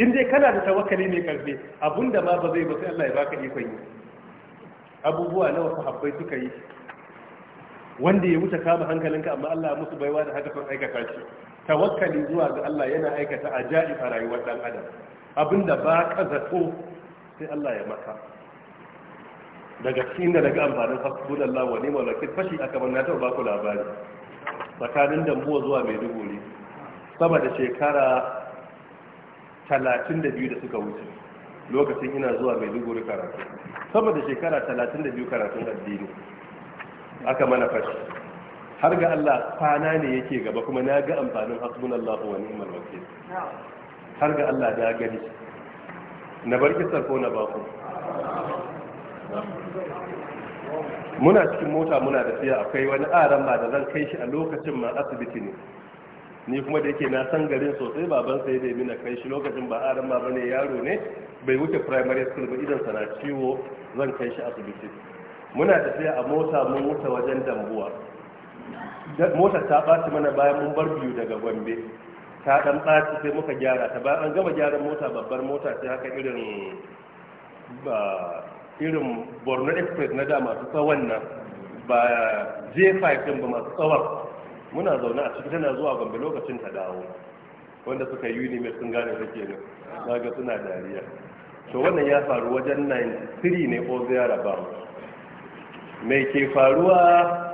in dai kana da tawakkali mai karfi abunda ma ba zai ba sai Allah ya baka ikon yi abubuwa nawa ku Habbai suka yi wanda ya wuce kama hankalinka amma Allah ya musu baiwa da haka son aikata shi tawakkali zuwa ga Allah yana aikata ajaib a rayuwar dan adam abinda ba ka zato sai Allah ya maka daga cikin da daga amfanin hasbun Allah wa ni wakil fashi aka manna ta ba ku labari tsakanin dambuwa zuwa Maiduguri sama da shekara 32 da suka wuce lokacin ina zuwa mai Maiduguri karatu sama da shekara 32 karatun addini aka mana fashi har ga Allah kwana ne yake gaba kuma na ga amfanin hasbun Allah wa ni wakil har ga Allah da gani na bar kisar ko na baku muna cikin mota muna da tafiya akwai wani aran ba da zan kai shi a lokacin ma asibiti ne ni kuma da yake na san garin sosai baban sai dai mina kai shi lokacin ba aran ba bane yaro ne bai wuce primary school ba idan sana ciwo zan kai shi asibiti muna tafiya a mota mun wuce wajen dambuwa motar ta ɓaci mana bayan mun bar biyu daga gombe ta dan baci sai muka gyara ta ba an gama gyaran mota babbar mota sai haka irin ba irin borno express na da masu tsawon nan ba j5 din ba masu tsawon muna zaune a ciki tana zuwa gombe lokacin ta dawo wanda suka yi unimate sun gane ta ke nan ga suna dariya to wannan ya faru wajen 93 ne ko ziyara ba mai ke faruwa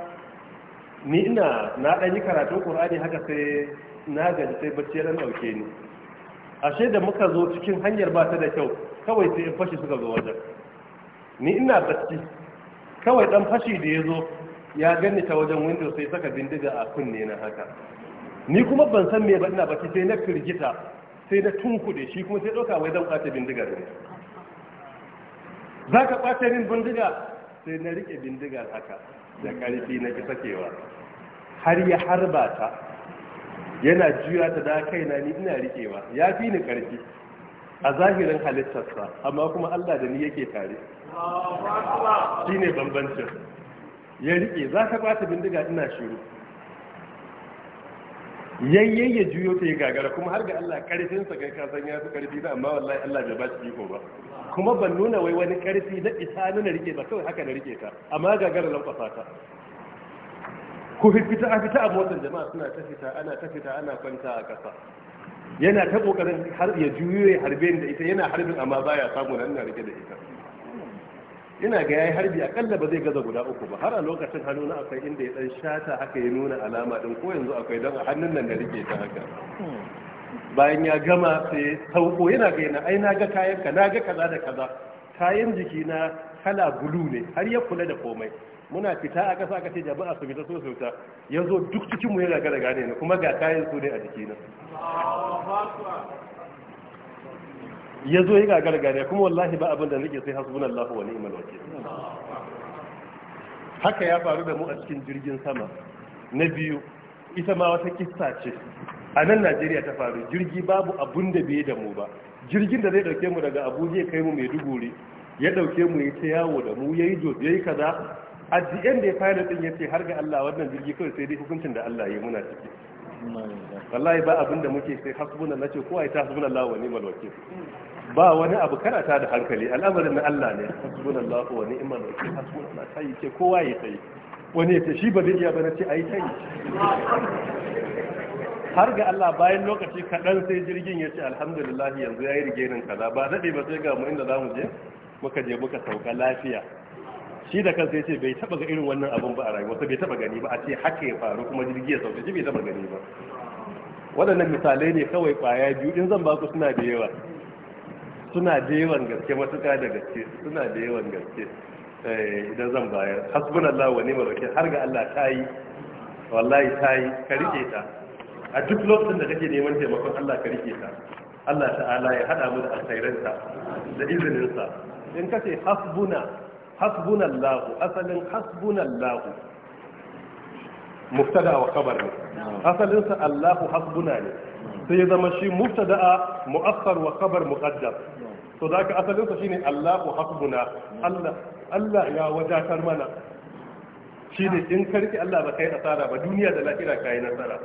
ni ina na ɗan yi karatun ƙur'ani haka sai na gaji sai bacci ɗan ɗauke ni ashe da muka zo cikin hanyar ba ta da kyau kawai sai in fashi suka zo wajen ni ina bacci kawai ɗan fashi da ya zo ya gani ta wajen window sai saka bindiga a kunne na haka ni kuma ban san me ba ina bacci sai na firgita sai na tunkuɗe shi kuma sai ɗauka wai zan ƙwace bindigar ne za ka ƙwace min bindiga sai na riƙe bindiga haka da ƙarfi na ki sakewa har ya harba ta yana juya ta da kaina ni ina rikewa ya fi ni karfi a zahirin halittarsa amma kuma Allah da ni yake tare shine bambancin ya rike za ka ta bindiga ina shiru yayyen ya juyo ta ya gagara kuma har ga Allah karfin sa kai kasan ya fi karfi da amma wallahi Allah bai ba shi iko ba kuma ban nuna wai wani karfi da isa nuna rike ba kawai haka na rike ta amma gagara lankwasa ta ko fita a fita a motar jama'a suna ta fita ana ta fita ana kwanta a ƙasa yana ta kokarin har ya juyo ya harbe da ita yana harbin amma baya samu nan na rike da ita ina ga yayi harbi akalla ba zai gaza guda uku ba har a lokacin hannu na akwai inda ya dan shata haka ya nuna alama din ko yanzu akwai dan a hannun nan da rike ta haka bayan ya gama sai sauko yana ga yana ai na ga kayan ka na ga kaza da kaza kayan jiki na kala bulu ne har ya kula da komai muna fita a ƙasa aka ce jami'a su fita so sauta. Ya zo duk cikin mu yana gada gane ne kuma ga kayan su ne a jiki na zo ya gara gane kuma wallahi ba abin da nake sai lafi wani imal wake haka ya faru da mu a cikin jirgin sama na biyu ita ma wata kista ce a nan Najeriya ta faru jirgi babu abun da bai da mu ba jirgin da zai dauke mu daga Abuja kai mu mai Maiduguri ya dauke mu ya ta yawo da mu yayi job yayi kaza a jiyan da ya fara din yace har ga Allah wannan jirgi kawai sai dai hukuncin da Allah ya muna ciki wallahi ba abin da muke sai hasbuna nace kowa ya ta hasbuna Allah wa ni'mal wakil ba wani abu karata da hankali al'amarin na Allah ne hasbuna Allah wa ni'mal wakil hasbuna Allah sai ce kowa ya sai wani ya ce shi ba zai iya ba na ce ai sai har ga Allah bayan lokaci kaɗan sai jirgin ya ce alhamdulillah yanzu ya yi rigenin kaza ba daɗe ba sai ga mu inda za mu je muka je muka sauka lafiya shi da kansa yace bai taba ga irin wannan abun ba a rayuwa. Sai bai taba gani ba a ce haka ya faru kuma jirgi ya sauke shi bai taba gani ba waɗannan misalai ne kawai kwaya biyu in zan baku suna da yawa suna da yawan gaske matuƙa da gaske suna da yawan gaske eh, idan zan bayar hasbunallahu wa ni'mal wakil har ga Allah ta yi wallahi ta yi ka rike ta a duk lokacin da kake neman taimakon Allah ka rike ta Allah ta'ala ya hada mu da alkhairanta da izininsa in kace hasbuna hasbunallahu asalin hasbunallahu muftada wa khabar ne Asalinsa Allahu hasbuna ne sai ya zama shi muftada mu'akhkhar wa khabar muqaddam to zaka asalinsa sa shine Allahu hasbuna Allah Allah ya wadatar mana shine in karki Allah ba kai asara ba duniya da lafiya kai nasara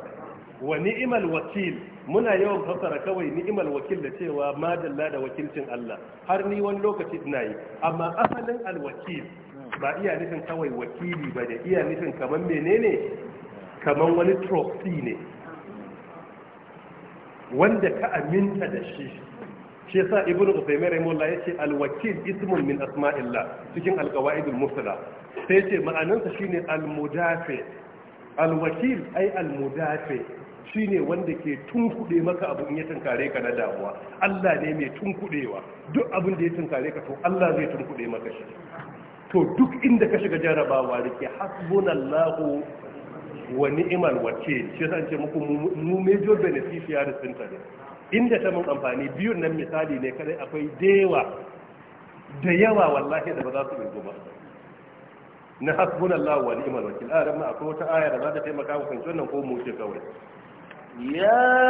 wa ni'imal wakil muna yawan fassara kawai ni'imal wakil da cewa madalla da wakilcin Allah har ni wani lokaci ina yi amma asalin alwakil ba iya nufin kawai wakili ba da iya nufin kamar menene kamar wani trophy ne wanda ka aminta da shi shi yasa ibn usaymin rahimahullah yace alwakil ismun min asma'illah cikin alqawaidul musla sai yace ma'anarsa shine almudafi alwakil ay almudafi Shi ne wanda ke tunkuɗe maka abu in ya tunkare ka na damuwa Allah ne mai tunkuɗewa duk abin da ya tunkare ka to Allah zai tunkuɗe maka shi to duk inda ka shiga jarabawa rike hasbunallahu wa ni'mal wace, shi yasa ce muku mu major beneficiaries sun ta ne inda ta mun amfani biyun nan misali ne kadai akwai dewa da yawa wallahi da ba za su yi ba na hasbunallahu wa ni'mal wakil a ran ma akwai wata aya da za ta taimaka ku kan wannan ko mu ce kawai يا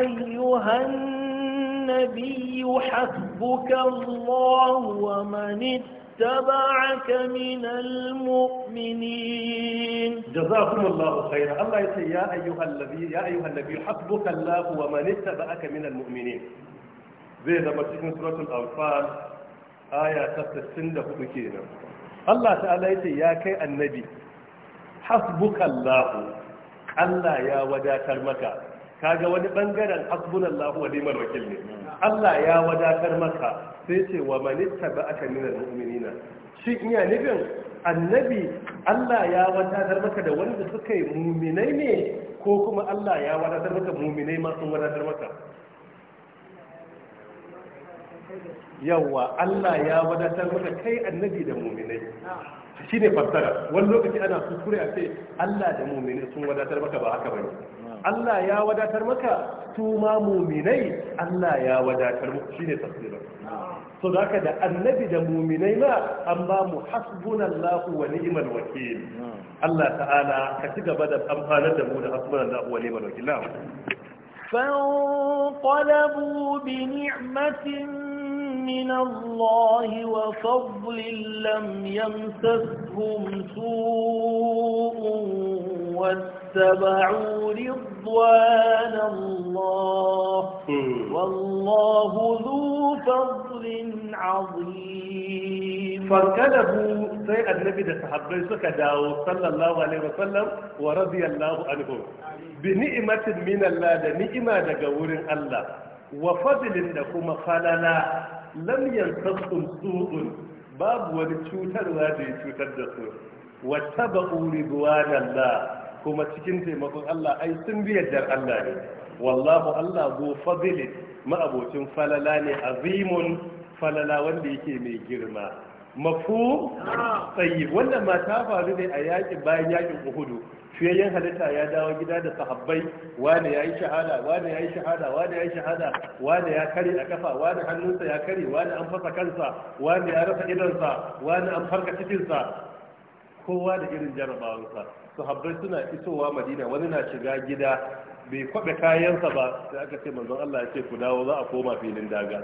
أيها النبي حسبك الله ومن اتبعك من المؤمنين جزاكم الله خيرا الله يقول يا أيها النبي يا أيها النبي حسبك الله ومن اتبعك من المؤمنين زي ما تكون سورة الأنفال آية له بكينا الله تعالى يقول يا كي النبي حسبك الله Allah ya wadatar maka kaga wani bangaren hasbunallahu wa ni'mal wakil ne Allah ya wadatar maka sai ce wa man ittaba'aka minal mu'minina shi iya nufin annabi Allah ya wadatar maka da wanda suka yi muminai ne ko kuma Allah ya wadatar maka muminai ma sun wadatar maka yawa Allah ya wadatar maka kai annabi da muminai shi ne fassara wani lokaci ana kuskure a ce Allah da mumini sun wadatar maka ba haka bane Allah ya wadatar maka su ma muminai Allah ya wadatar muku shi ne tafsirin so da haka da annabi da muminai ma an ba mu hasbunallahu wa ni'mal wakil Allah ta'ala ka ci gaba da amfanar da mu da hasbunallahu wa ni'mal wakil na'am فانطلبوا بنعمة من الله وفضل لم يمسسهم سوء واتبعوا رضوان الله والله ذو فضل عظيم فكذبوا سيء النبي صلى الله عليه وسلم ورضي الله عنه بنعمة من الله نعمة ده الله wa fadlin da kuma falala lam yantasum babu wani cutarwa da ya cutar da su wa tabu ridwanallah kuma cikin taimakon Allah ai sun biya da Allah ne wallahu Allah go fadlin ma'abocin falala ne azimun falala wanda yake mai girma mafu tsayi wannan ma ta faru ne a yaƙin bayan yaƙin uhudu fiyayyen halitta ya dawo gida da sahabbai wane ya yi shahada wane ya yi shahada wane ya yi shahada wane ya kare a kafa wane hannunsa ya kare wane an fasa kansa wane ya rasa idonsa wane an farka cikinsa kowa da irin jarabawansa sahabbai suna isowa madina wani na shiga gida bai kwaɓe kayansa ba sai aka ce manzon Allah ya ce ku dawo za a koma filin daga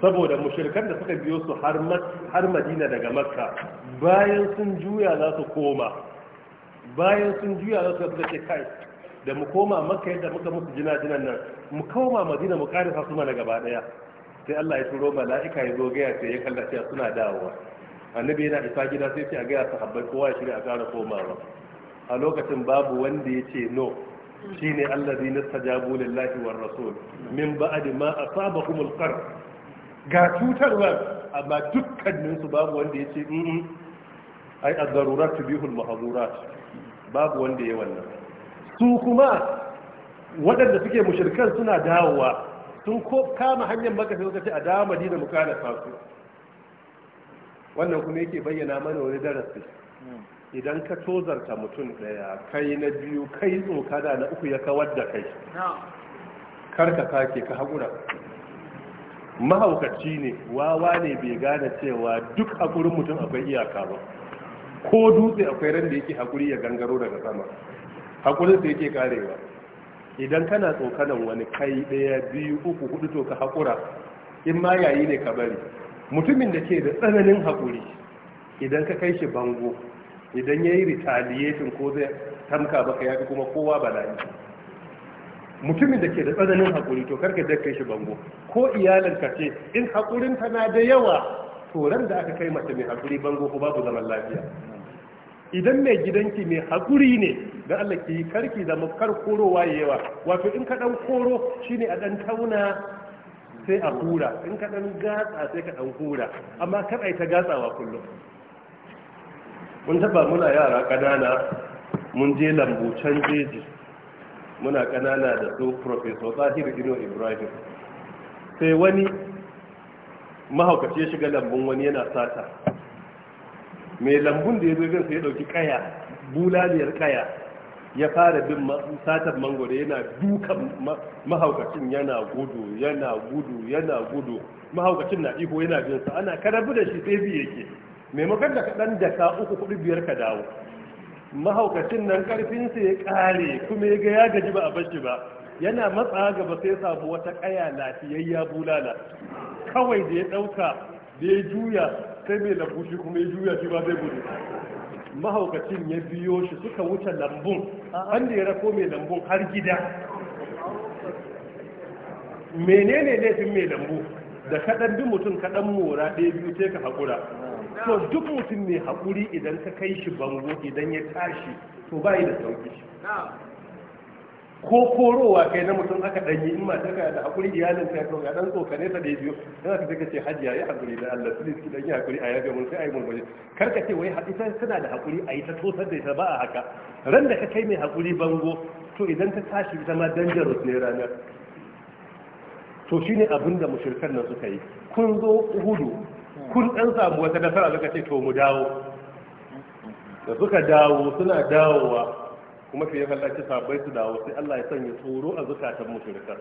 saboda mushrikan da suka biyo su har madina daga makka bayan sun juya za su koma bayan sun juya za su suka ce kai da mu koma maka yadda muka musu jina-jinan nan mu koma madina mu kare su na gaba daya sai Allah ya turo mala'ika ya zo gaya sai ya kalla cewa suna dawowa annabi yana isa gida sai ce a gaya sahabbai kowa ya shirya a kara komawa a lokacin babu wanda ya ce no shine allazi nastajabu lillahi war rasul min ba'di ma asabahum alqar ga cutarwa amma dukkaninsu babu wanda ya ce ai az-zarurat bihul mahzurat babu wanda ya wannan su kuma waɗanda suke mushirkan suna dawowa sun kama hanyar maka sai suka ce a dawo madina mu kana fasu wannan kuma yake bayyana mana wani darasi idan ka tozarta mutum ɗaya kai na biyu kai tsokada na uku ya kawar da kai karka kake ka haƙura mahaukaci ne wawa ne bai gane cewa duk haƙurin mutum akwai iyaka ba ko dutse akwai ran da yake hakuri ya gangaro daga sama hakurin sa yake karewa idan kana tsokanan wani kai daya biyu uku hudu to ka hakura in ma yayi ne ka bari mutumin da ke da tsananin hakuri idan ka kai shi bango idan yayi retaliation ko zai tamka baka yafi kuma kowa bala'i mutumin da ke da tsananin hakuri to karka dakkai shi bango ko iyalinka ce in hakurin na da yawa Toron da aka kai mace mai hakuri bango ko babu zaman lafiya idan mai gidanki mai hakuri ne da Allah ki karki zama kar korowa yawa wato in ka dan koro shine a dan tauna sai a hura in kaɗan dan gatsa sai ka dan hura amma kar ai ta gatsawa kullum mun taba muna yara kanana mun je lambu can jeji muna ƙanana da su professor Zahir Ino Ibrahim sai wani mahaukaci ya shiga lambun wani yana sata mai lambun da ya zo ya dauki kaya bulaliyar kaya ya fara bin satar mangoro yana dukan mahaukacin yana gudu yana gudu yana gudu mahaukacin na iho yana bin sa ana karabu da shi sai biye yake maimakon da kaɗan da ka uku kuɗi biyar ka dawo mahaukacin nan karfinsa ya ƙare kuma ya ga ya gaji ba a bashi ba yana matsa gaba sai samu wata kaya lafiyayya bulala kawai da ya ɗauka da ya juya sai mai lambushi kuma ya juya shi ba zai gudu mahaukacin ya biyo shi suka wuce lambun an da ya rako mai lambun har gida menene laifin mai lambu da kaɗan bi mutum kaɗan mora ɗaya biyu sai ka haƙura to duk mutum mai haƙuri idan ka kai shi bango idan ya tashi to bayi da sauki ko korowa kai na mutum aka ɗanyi in mata ka da hakuri iyalin ka to ga tsoka ne ta daidiyo biyu dan ka take ce hajiya ya hakuri da Allah sai ki ɗanyi yi a yaga mun sai yi murmuri kar ka ce wai ita suna da hakuri a yi ta tosar da ita ba a haka ran da ka kai mai hakuri bango to idan ta tashi ita ma dangerous ne ranar to shine abin da mu mushrikan na suka yi kun zo hudu kun ɗan samu wata nasara suka ce to mu dawo da suka dawo suna dawowa kuma fiye halarci sabai su dawo sai Allah ya sanya tsoro a zukatan mushrikan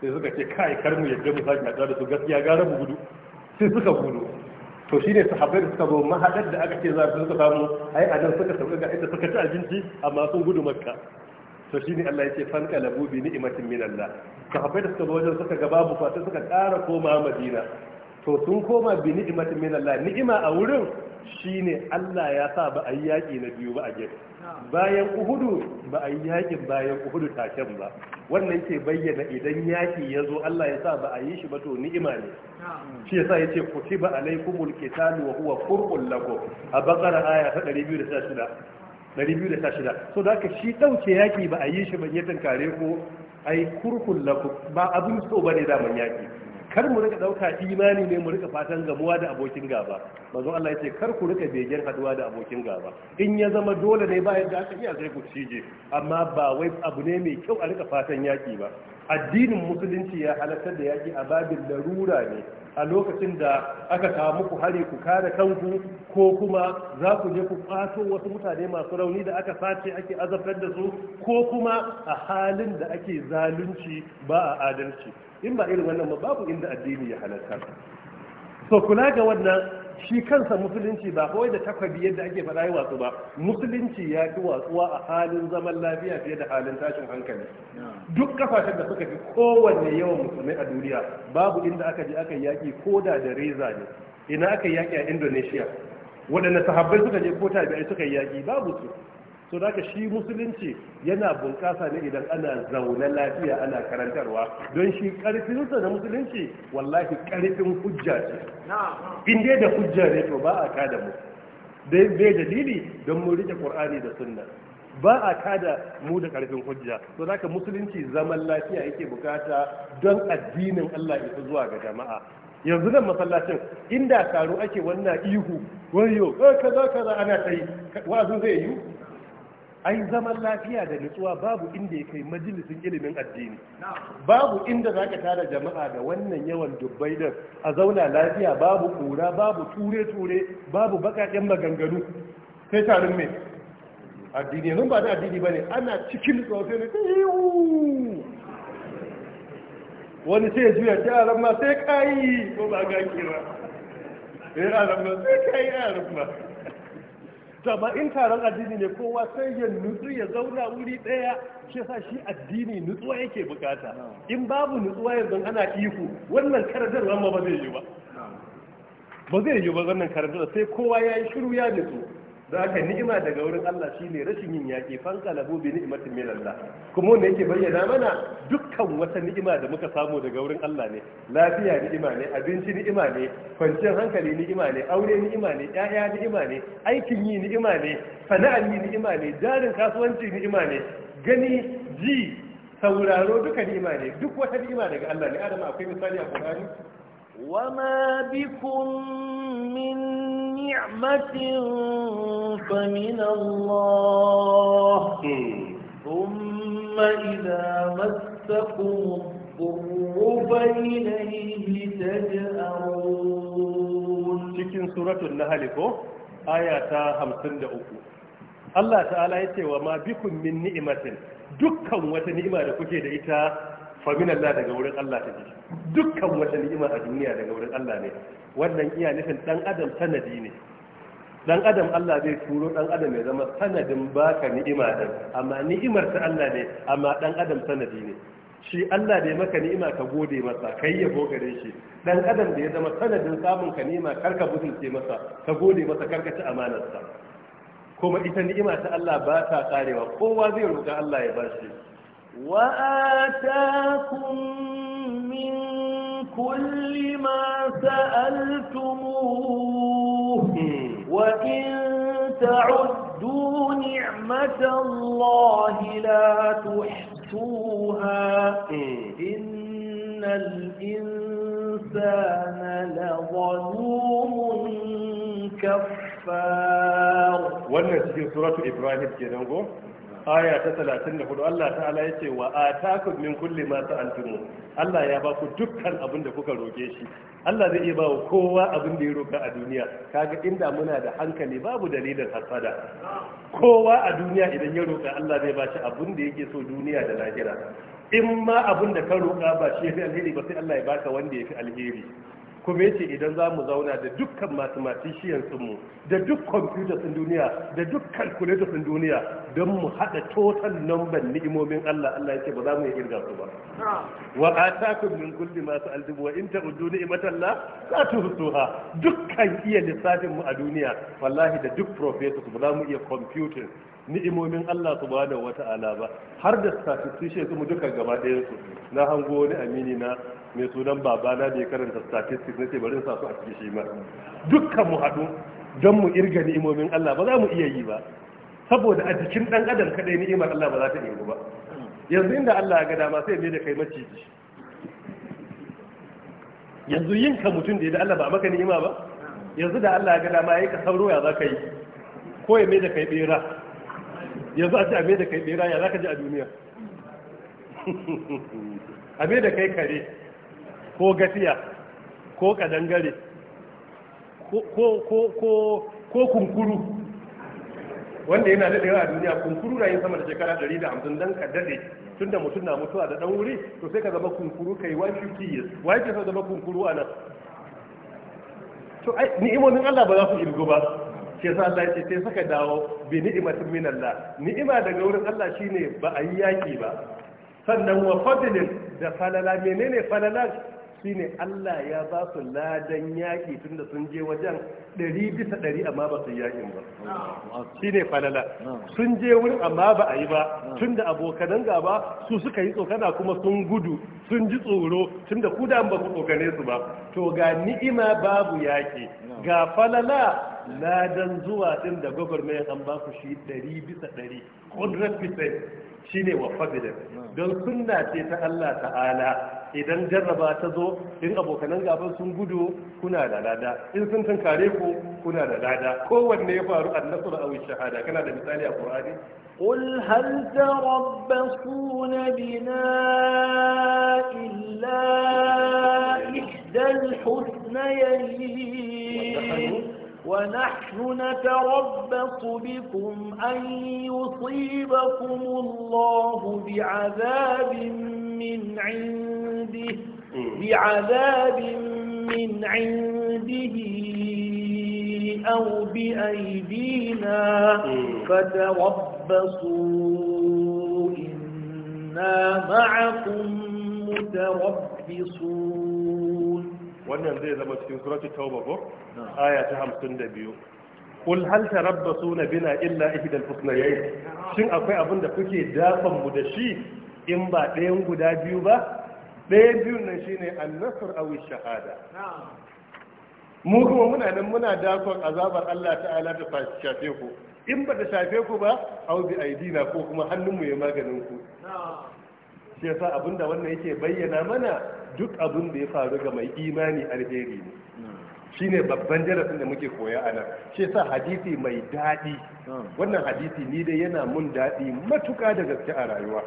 sai suka ce kai kar mu yadda mu saki haɗuwa da su gaskiya gara mu gudu sai suka gudu to shine sahabbai da suka zo mahadar da aka ce za su suka samu ai a nan suka sauka ga inda suka ci abinci amma sun gudu makka to shine Allah ya ce fan kalabu bi ni'matin min Allah sahabbai da suka zo wajen suka ga babu fata suka ƙara koma Madina to sun koma bi ni'matin min Allah ni'ima a wurin shine Allah ya sa ba a yi yaƙi na biyu ba a gefe bayan uhudu ba a yi yaƙin bayan uhudu taken ba wannan ke bayyana idan yaƙi ya zo Allah ya sa ba a yi shi ba to ni'ima ne shi yasa yace kutiba alaikumul qitalu wa huwa furqul lakum a bakara aya ta 216 so da shi dauke yaki ba a yi shi ba ya tankare ko ai kurkun lakum ba abin so bane da man yaƙi kar mu rika dauka imani ne mu rika fatan gamuwa da abokin gaba manzo Allah ce kar ku rika begen haduwa da abokin gaba in ya zama dole ne ba yadda aka iya sai ku cije amma ba wai abu ne mai kyau a rika fatan yaki ba addinin musulunci ya halartar da yaki a babin larura ne a lokacin da aka samu ku hare ku kare kanku ko kuma za ku je ku fato wasu mutane masu rauni da aka sace ake azabtar da su ko kuma a halin da ake zalunci ba a adalci in ba irin wannan babu inda addini ya halatta so kula ga wannan shi kansa musulunci ba kawai da takwabi yadda ake faɗa yi watsu ba musulunci ya fi watsuwa a halin zaman lafiya fiye da halin tashin hankali duk kafashen da suka fi kowanne yawan musulmai a duniya babu inda aka je aka yaƙi ko da da reza ne ina aka yaƙi a indonesia waɗanda sahabbai suka je ko biyar suka yaƙi babu su so da shi musulunci yana bunƙasa ne idan ana zaune lafiya ana karantarwa don shi ƙarfinsa na musulunci wallahi ƙarfin hujja ce in dai da hujja ne to ba a kada mu dai bai dalili don mu rike qur'ani da sunna ba a kada mu da ƙarfin hujja to zaka musulunci zaman lafiya yake bukata don addinin Allah ya zuwa ga jama'a yanzu nan masallacin inda taro ake wannan ihu wayo kaza kaza ana tai wa'azin zai yi ai zaman lafiya da nutsuwa babu inda ya kai majalisin ilimin addini babu inda za ka tara jama'a da wannan yawan dubbai da a zauna lafiya babu kura babu ture-ture babu bakaken maganganu sai tarin mai addini yanzu ba da addini ba ne ana cikin tsofe ne wani sai juya ta ma sai kayi ko ba ga kira Yaran ma sai kayi ma. dama in taron addini ne kowa sai ya nutsu ya zauna wuri ɗaya shi sa shi addini nutsuwa yake bukata in babu nutsuwa yanzu ana ihu wannan karadar ma ba zai yi ba ba zai yi ba wannan karadar sai kowa ya yi shiru ya nutsu da aka ni'ima daga wurin Allah shi ne rashin yin yaƙi fanka na bi ni'imatin min Allah kuma wanda yake bayyana mana dukkan wata ni'ima da muka samu daga wurin Allah ne lafiya ni'ima ne abinci ni'ima ne kwanciyar hankali ni'ima ne aure ni'ima ne ƴaƴa ni'ima ne aikin yi ni'ima ne sana'ar yi ni'ima ne jarin kasuwanci ni'ima ne gani ji sauraro duka ni'ima ne duk wata ni'ima daga Allah ne adam akwai misali a Qur'ani wama bikum min نعمة فمن الله ثم إذا مسكم الضر فإليه تجأرون لكن سورة النهل آية 53 Allah ta'ala ya ce wa ma bikum min ni'matin dukkan wata ni'ima da kuke da ita famin Allah daga wurin Allah ta take dukkan wata ni'ima a duniya daga wurin Allah ne wannan iya nufin dan adam sanadi ne dan adam Allah zai turo dan adam ya zama sanadin baka ni'ima dan amma ni'imar ta Allah ne amma dan adam sanadi ne shi Allah da ya maka ni'ima ka gode masa kai ya gare shi dan adam da ya zama sanadin samun ka ni'ima karka butulce masa ka gode masa karka ci amanarsa kuma ita ni'ima ta Allah ba ta karewa kowa zai roƙa Allah ya bashi وآتاكم من كل ما سألتموه وإن تعدوا نعمة الله لا تحسوها إن الإنسان لظلوم كفار وانا سورة إبراهيم جنوبه aya ta 34 Allah ta'ala ya ce wa atakum min kulli ma sa'altum Allah ya ba ku dukkan abin da kuka roke shi Allah zai iya ba wa kowa abin da ya roka a duniya kaga inda muna da hankali babu dalilin hasada kowa a duniya idan ya roka Allah zai ba shi abin da yake so duniya da lahira in ma abin da ka roka ba shi fi alheri ba sai Allah ya baka wanda ya fi alheri kuma yace idan za mu zauna da dukkan mathematicians mu da duk computers sun duniya da duk calculators sun duniya don mu haɗa total number ni'imomin Allah Allah yake ba za mu yi kirga su ba wa atakum min kulli ma sa'altum wa in ta'uddu ni'matallah la tuhsuha dukkan iya lissafin mu a duniya wallahi da duk professors ba za mu iya computing ni'imomin Allah subhanahu wata'ala ba har da statistics mu duka gaba ɗaya su na hango wani amini na mai sunan babana da ya karanta statistics nace bari sa su a cikin shi ma dukkan mu hadu don mu irga ni'imomin Allah ba za mu iya yi ba saboda a jikin ɗan adam kaɗai ni'imar Allah ba za ta irgu ba yanzu inda Allah ga dama sai mai da kai maciji yanzu yin ka mutum da ya da Allah ba maka ni'ima ba yanzu da Allah ga dama ya ka sauro ya za ka yi ko ya mai da kai bera yanzu a ce ame da kai bera ya zaka ji a duniya ame <laughs> da kai kare ko gafiya ko kadangare ko kunkuru wanda yana da yawa a duniya kunkuru na yin sama da shekara 150 don ka dade tun da mutum na mutuwa da daɗan wuri to sai ka zama kunkuru kai 150 years wai ke so zama kunkuru a nan to ai ni'imomin Allah ba za su ilgo ba shi yasa Allah ce sai saka dawo bi ni'imatin min Allah ni'ima daga wurin Allah shine ba a yi yaki ba sannan wa fadlin da falala menene falala shine Allah ya ba su ladan yaki tunda sun je wajen ɗari bisa ɗari amma ba su yakin ba shine falala sun je wurin amma ba a yi ba tunda abokanan gaba su suka yi tsokana kuma sun gudu sun ji tsoro tunda ku da ba ku tsokane su ba to ga ni'ima babu yaki ga falala ladan zuwa din da gwagwarmaya an ba ku shi ɗari bisa ɗari 100% shi ne wa fadilan don sunna ce ta Allah ta'ala idan jarraba ta zo in abokanan gaban sun gudu kuna da lada in sun tunkare ku kuna da lada kowanne ya faru a aw shahada kana da misali a qur'ani قل هل تربصون بنا إلا إحدى الحسنيين ونحن نتربص بكم أن يصيبكم الله بعذاب من عنده بعذاب من عنده أو بأيدينا فتربصوا إنا معكم متربصون wannan zai zama cikin suratul tauba ko aya ta biyu. kul hal tarabbasuna bina illa ihdal husnayayn shin akwai abin da kuke dafan mu da shi in ba ɗayan guda biyu ba ɗayan biyun nan shine an-nasr aw shahada mu kuma muna nan muna dakon azabar Allah ta'ala da shafe ku in ba ta shafe ku ba aw bi aidina ko kuma hannun mu ya maganin ku shi yasa abinda wannan yake bayyana mana duk abin da ya faru ga mai imani alheri ne shine babban darasin da muke koya a nan shi sa hadisi mai daɗi wannan hadisi ni dai yana mun daɗi matuka da gaske a rayuwa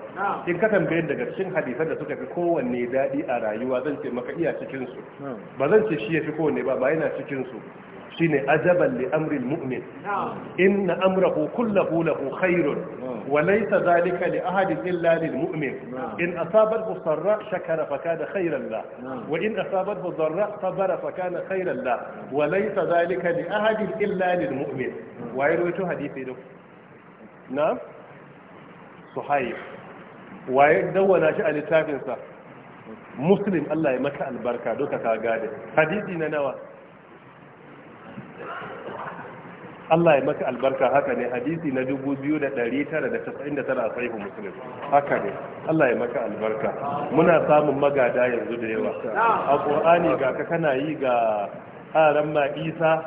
in ka tambayin daga cikin hadisan da suka fi kowanne daɗi a rayuwa zan ce maka iya cikinsu ba zan ce shi ya fi kowanne ba ba yana cikinsu. shine ajaban li amril mu'min inna amrahu kullahu lahu khairun wa laysa dhalika li ahadin illa lil mu'min in asabathu sarra shakara fa kana khairan la wa in asabathu dharra sabara fa kana khairan la wa laysa dhalika li ahadin illa lil mu'min wa yarwato hadisi da na suhaib wa ya dawwana shi a littafinsa muslim Allah ya maka albarka duka ka gane hadisi na nawa Allah ya maka albarka haka ne hadisi na 2999 a sahihu muslim haka ne Allah ya maka albarka muna samun magada yanzu da yawa a qur'ani ga ka kana yi ga aran ma isa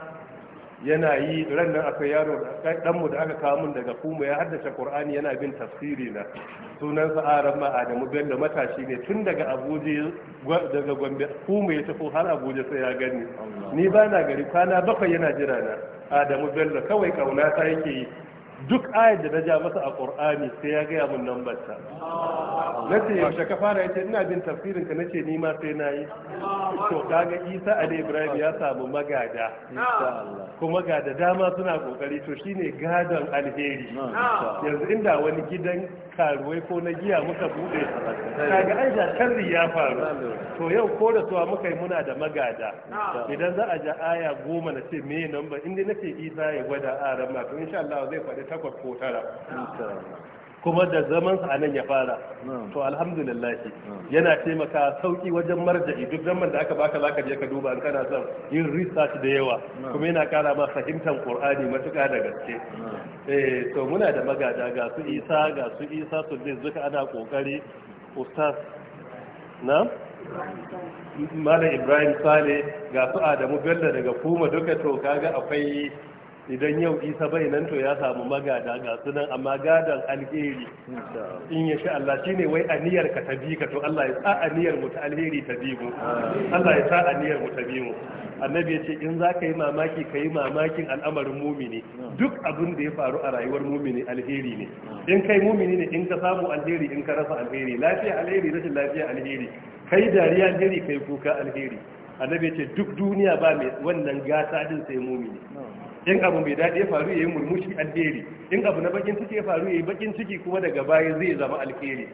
yana yi ran nan akwai yaro dan mu da aka kawo mun daga kuma ya haddace qur'ani yana bin tafsiri na sunan sa aran ma adamu bello matashi ne tun daga abuja daga gombe kuma ya tafi har abuja sai ya gani ni ba na gari kwana bakwai yana jira na adamu bello kawai kauna ta yake yi duk ayar da na ja masa a Kur'ani sai ya gaya mun nan bata na ce yaushe ka fara yace ina bin tafsirin ka nace ni ma sai nayi to kaga Isa Ali Ibrahim ya samu magada kuma magada dama suna kokari to shine gadon alheri yanzu inda wani gidan karuwai ko na giya muka bude kaga an sha ya faru to yau ko da suwa muka yi muna da magada idan za a ja aya goma na ce me namba inda nace Isa ya gwada a to insha Allah zai faɗi takwas ko tara kuma da zaman sa nan ya fara to alhamdulillah yana taimaka sauki wajen marja'i duk zaman da aka baka zaka je ka duba an kana son yin research da yawa kuma yana kara ma fahimtar qur'ani matuƙa da gaske eh to muna da magada ga su Isa ga su Isa su zuka ana kokari ustaz na Malam Ibrahim Sale ga su Adamu Bello daga Kuma duka to kaga akwai idan yau isa bai nan to ya samu magada ga sunan amma gadan alheri in ya sha Allah ne wai aniyar ka ta bi ka to Allah ya sa aniyar mu ta alheri ta bi mu Allah ya sa aniyar mu ta bi mu annabi ya ce in za ka yi mamaki ka yi mamakin al'amarin mumini duk abin da ya faru a rayuwar mumini alheri ne in kai mumini ne in ka samu alheri in ka rasa alheri lafiya alheri rashin lafiya alheri kai dariya alheri kai kuka alheri annabi ya ce duk duniya ba mai wannan gata din sai mumini in abu mai daɗi ya faru ya yi murmushi alheri in abu na bakin ciki ya faru ya yi bakin ciki kuma daga baya zai zama alheri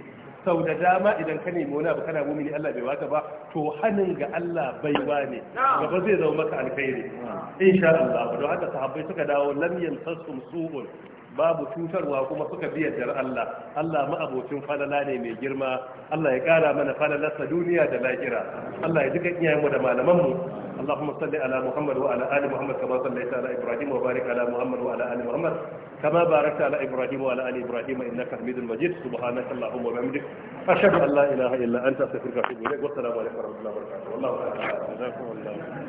sau da dama idan ka nemi wani abu kana ne Allah bai baka ba to hanin ga Allah baiwa ne gaba zai zama maka alkhairi insha Allah don haka sahabbai suka dawo lam yansasum su'un babu cutarwa kuma suka bi yardar Allah Allah abokin falala ne mai girma Allah ya kara mana sa duniya da lahira Allah ya duka iyayen mu da mu اللهم صل على محمد وعلى ال محمد كما صليت على ابراهيم وبارك على محمد وعلى ال محمد كما باركت على ابراهيم وعلى ال ابراهيم انك حميد مجيد سبحانك اللهم وبحمدك اشهد ان لا اله الا انت استغفرك واتوب اليك والسلام عليكم ورحمه الله وبركاته والله تعالى